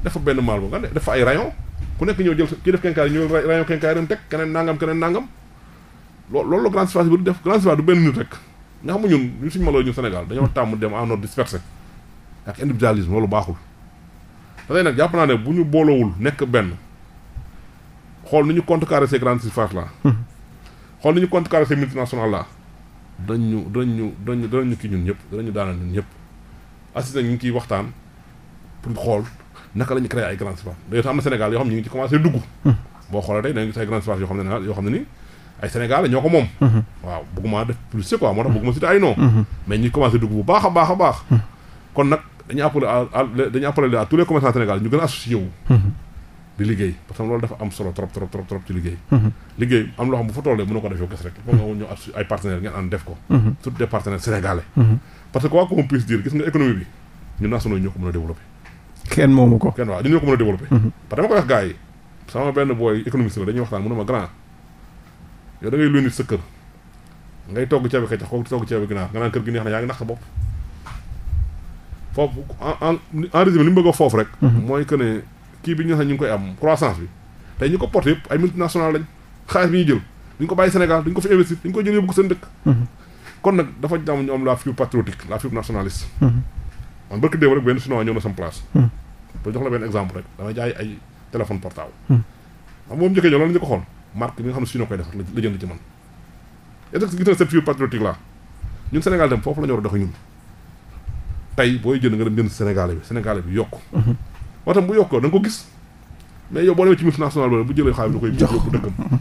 dafa benn maal boobu nga ne dafa ay rayon ku nekk ñoo jël kii def kenkaari ñëw rayon kenkaari am keneen nangam keneen nangam loo loolu la grande surface bi du def grande surface du benn nit rek nga xam ñun ñun suñu maloolu Sénégal dañoo tàmm dem en ordre dispersé ak individualisme loolu baaxul te tey nag jàpp naa ne bu ñu boolowul nekk benn xool ni ñu contrecarrer ces grandes surfaces là xool ni ñu contrecarrer ces multinationales là dañu dañu dañu dañu kii ñun ñëpp dañu daanal ñun ñëpp assis nañ ñu ngi kiy waxtaan pour xool naka la ñu ay grand espace yooyu tam am na Sénégal yoo xam ne ñu ngi ci commencé dugg boo xoolee tey gis ay grand espace yoo xam ne yoo xam ñoo ko moom a baax kenn moomu ko kenn waaw dañoo ko mën a développé mhm. parce que dama ko wax gars yi sama benn booy économiste la dañuy waxtaan mu ne ma grand yow da ngay luy nit sa kër ngay togg ceebu kecax kooku togg ceebu ginaar nga naan kër gi neex na yaa ngi nax sa foofu rek mhm. mooy que ne kii bi ñu ñu ngi koy am croissance bi tey ñu ko porté yëpp ay multinational ko bàyyi Sénégal duñ ko ko jël ko seen dëkk mhm. kon nag dafa jàmm ñu am la fibre patriotique la fibre nationaliste man bëkk déew rek benn chinois ñëw na sama place. pour hmm. jox la benn exemple rek damay jaay ay téléphone portable. moom njëkkee ñëw la ñu ko xool marque bi nga xam ne chinois koy defar la jënd ci man. est-ce gis a doxee ñun tey booy nga dem jënd Sénégalais bi Sénégalais bi yokk. Hmm. moo tax bu yokkoo da ko gis mais yow boo demee ci multinationale bi bu jëlee xaalis da koy yóbbu dëkkam hmm.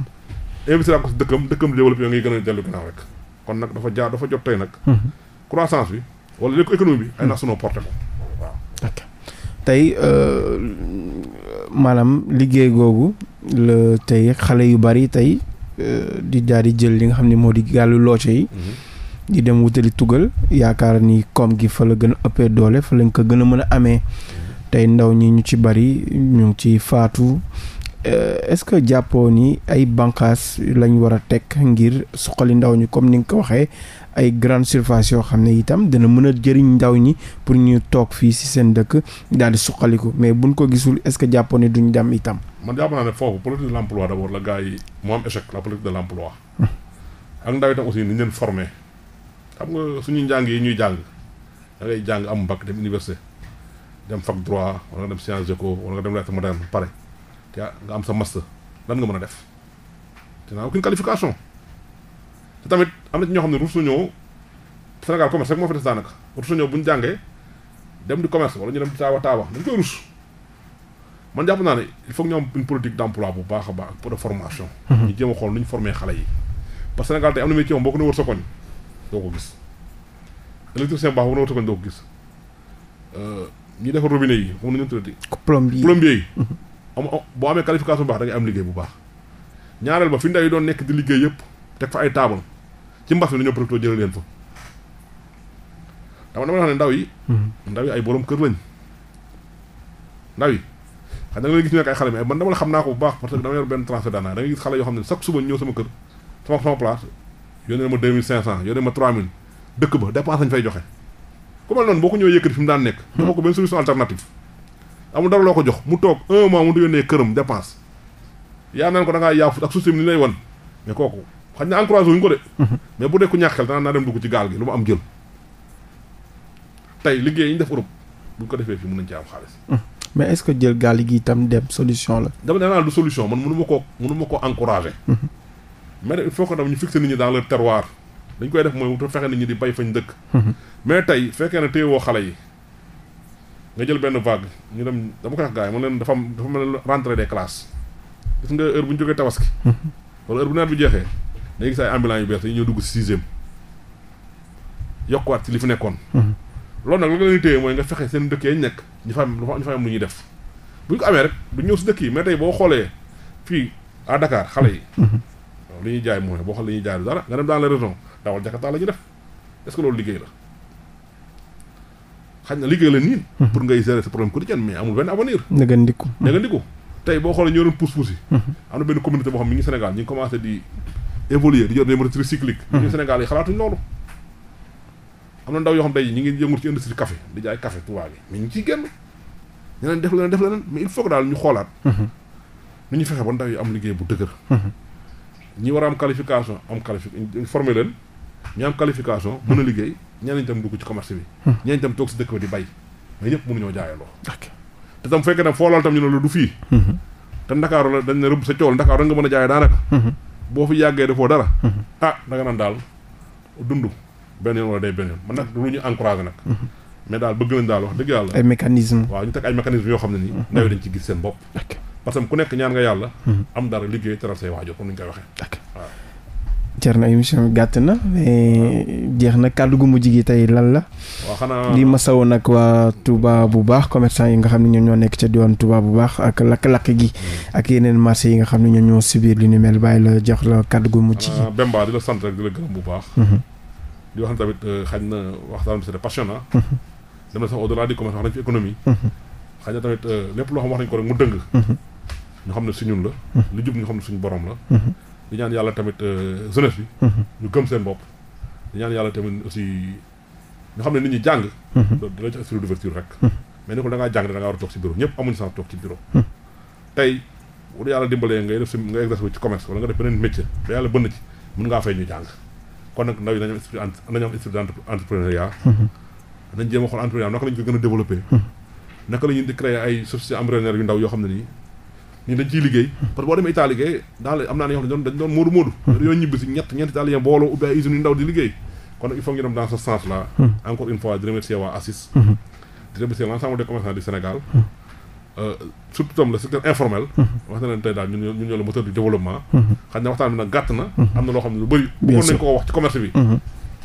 investir ko si dëkkam dëkkam développé yo ngay gën a dellu ginnaaw rek kon nag dafa jaar dafa jot tey nag bi wala léegi économie bi ay nationaux porté ko waaw. tey euh, maanaam liggéey googu la tey xale yu bari tey euh, di daal di jël li nga xam ne moo di gàllu looco yi. Mhm. di dem wutali tugal yaakaar ni koom gi fa la gën a ëppee doole fa lañ ko gën a mën a amee mhm. tey ndaw ñi ñu ci bari ñu ngi ci faatu. Euh, est-ce que jàppoo ni ay bànqaas lañ war a teg ngir suqali ndaw ñi comme ni nga ko waxee ay grande surface yoo xam ne itam dana mën a jëriñ ndaw ñi pour ñu toog fii si seen dëkk daal di suqaliku mais buñ ko gisul est-ce que jàppoo ni duñ dem itam. man jàpp naa ne foofu politique de l'emploi d'abord la gars yi moo am échec la politique de l'emploi ak ndaw itam aussi ni ñu leen formé xam nga suñu njàng yi ñuy jàng da jàng am bac dem université dem fac droit wala nga dem wala nga dem lettres modernes te nga am sa master lan nga mën a def te naa aucune qualification te tamit am na ci ñoo xam ne ruus nañoo Sénégal commerce rek moo fi des daanaka ruus nañoo bu ñu jàngee dem di commerce wala ñu dem di taawa taawa dañ koy ruus man jàpp naa ne il faut que ñu am une politique d' emploi bu baax a baax pour de formation. Mhm. ñu jéem a xool nu ñu formé xale yi. parce que Sénégal tey am na métier moom boo ko wër sa koñ doo ko gis électricien baax boo ko wër sa euh, ñu tuddati. plombier yi plombier mhm. am boo amee qualification bu baax da ngay am liggéey bu baax ñaareel ba fi ndaw yi doon nekk di liggéey yëpp teg fa ay taabal ci mbas mi dañoo profité jëlee leen fa dama dama hmm. da nga gis ñu nekk ay xale mais man la xam naa ko bu baax parce que dama yor benn transfert daanaa da nga gis xale yoo xam ne chaque suba ñëw sama kër sama sama place ma dëkk ba dépense lañ fay joxe ku mel noonu boo ko ñëw yëkkati fi daan nekk dafa hmm. ko benn solution alternative amul dara loo ko jox mu toog un mois mu du yónnee këram dépense yaa naan ko da ngaa yaafut ak suuf ni lay wan mais kooku xañ na encouragé wuñ ko de. Mhm. mais bu nekku ñàkk xel danaa naa dem dugg ci gaal gi lu mu am jël. tey liggéey yi def Europe bu ko defee fii mun nañ ci am xaalis. Mhm. mais est-ce que jël gaal gi itam dem solution la. dama ne naa du solution man mënu ma koo mënu ma koo encouragé. Mhm. mais il faut que tam ñu fixer nit ñi dans leur terroir. dañ koy def mooy fexe nit ñi di bay fañ dëkk. mais tey fekkee ne téye woo xale yi. nga jël benn vague ñu dem dama koy wax gars leen dafa am dafa ma ne rentrée de classes gis nga heure bu ñu jógee tabaski mhm. wala heure bu nawet bi jeexee dañuy gis ay ambulants yu bees dañuy ñëw dugg si sixième yokkuwaat ci li fi nekkoon mhm. loolu nag lu leen mooy nga fexe seen dëkk nekk ñu fa am ñu bu ñu ko amee rek du ñëw si yi mais tey boo xoolee fii à Dakar xale yi mhm. waaw li ñuy jaay mooy boo xool li ñuy jaay du dara nga dem dans les régions daawal Jakarta la ñu def est-ce liggéey la xañ na liggéey la niin mhm. pour ngay gérer sa problème quotidien mais amul benn na loolu am na ndaw yoo xam tey ñu ngi yëngu ci industrie café di jaay café Touba bi mais ñu ngi ciy génn ñeneen def leneen def leneen mais il faut que daal ñu xoolaat mhm. nu ñu fexe ba ndaw yi am liggéey bu dëgër mhm. ñi war a am qualification am qualifi former leen ñu am qualification mën a liggéey ñeneen itam dugg ci commerce bi hmm. ñeneen itam toog si dëkk ba di bay mais ñëpp mënuñoo jaayaloo te tam fekkee ne foolal tam ñu ne la du fii hmm. te ndakaaru la dañ ne rëbb sa cool ndakaaru nga mën a jaay daanaka hmm. boo fi yàggee defoo dara ah da nga naan daal dund benn yoon wala day benn yoon man nag lu ñu encouragé nag mais daal bëgg nañ daal wax dëgg yàlla ay mécanisme waaw ñu teg ay mécanisme yoo xam ne nii ndaw dañ ci gis seen bopp parce que ku nekk ñaan nga yàlla am dara liggéey Thierno émission bi gàtt na mais jeex na kàddu gu mujj gi tey lan la. waaw xanaa di masawu nag waa Touba bu baax commerçant yi nga xam ne ñoo ñoo nekk ca diwaan Touba bu baax ak lakk-lakk gi mm. ak yeneen marché yi nga xam ne ñoo ñoo subir li ni mel bàyyi la jox la kàddu gu mujj gi. Ah, Bemba di la sant rek di la gërëm bu baax. Mm-hmm. di wax tamit euh, xaj na waxtaan bi c'est passionnant. Mm-hmm. dem na sax au delà du commerce wax nañ mm-hmm. euh, loo xam ko rek mu dëng. ñu xam ne si la. lu jub ñu xam ne suñu borom la. di ñaan yàlla tamit euh, jeunesse bi. Mhm. ñu gëm seen bopp. di ñaan yàlla tamit aussi ñu xam ne nit ñi jàng. Mhm. dala ci esprit d'ouverture rek. Mhm. a ci bureau ñëpp amuñu sens toog ci bureau. tey bu yàlla dimbalee ngay def si nga exercer ci commerce wala nga def beneen métier ba yàlla bënn ci mën ngaa fay ñu jàng kon nag ndaw yi nañu am esprit nañu am esprit d'entrepreneuriat. nañ jéem a xool entrepreneuriat naka lañ ko gën a développé. naka la di créer ay sociétés embryonnaires yu ndaw yoo xam ne nii ñi dañ ciy liggéey parce que boo demee Italie kay daal am naa ne yoo xam ne dañ doon moodu moodu hmm. dañoo ñibbi si ñett ñeent italien booloo ubbi ay usines yu ndaw di liggéey kon il faut ñu dans ce sens là hmm. encore une fois di waa ACIS hmm. di remercier l'ensemble des commerçants Sénégal euh, surtout tam le secteur informel wax na leen tey daal ñun ñoo le moteur du développement xam ne waxtaan bi nag gàtt na am na loo xam lu bëri bëggoon nañ ko wax ci commerce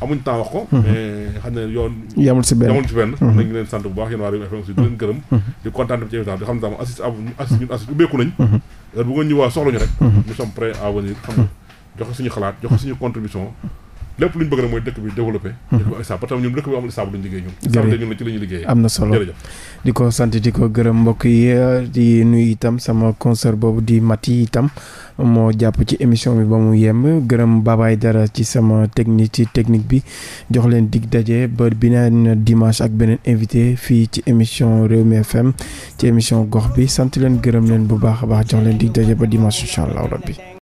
amuñ temps wax ko mhm. mais xam ne yoon yamul si benn yamul si benn mhm. nañ leen sant bu baax yéen waa Rewmi FM aussi leen gërëm mhm. di kontaan ci émission di xam ne ñu rek nous sommes lu ñu bëgg rek bi développé. dëkk bi ak saabu ba tam ñun dëkk bi amul saabu duñu liggéey ñun. jërëjëf ñun la ci la ñuy liggéey. am na solo jërëjëf. di ko sant di ko gërëm mbokk yi di itam sama concert boobu di mati itam. moo jàpp ci émission bi ba mu yem gërëm babaay dara ci sama technique ci technique bi jox leen dig daje ba beneen dimanche ak beneen invité fii ci émission Rewmi FM ci émission gox bi sant leen gërëm leen bu baax a baax jox leen dig daje ba dimanche incha allah bi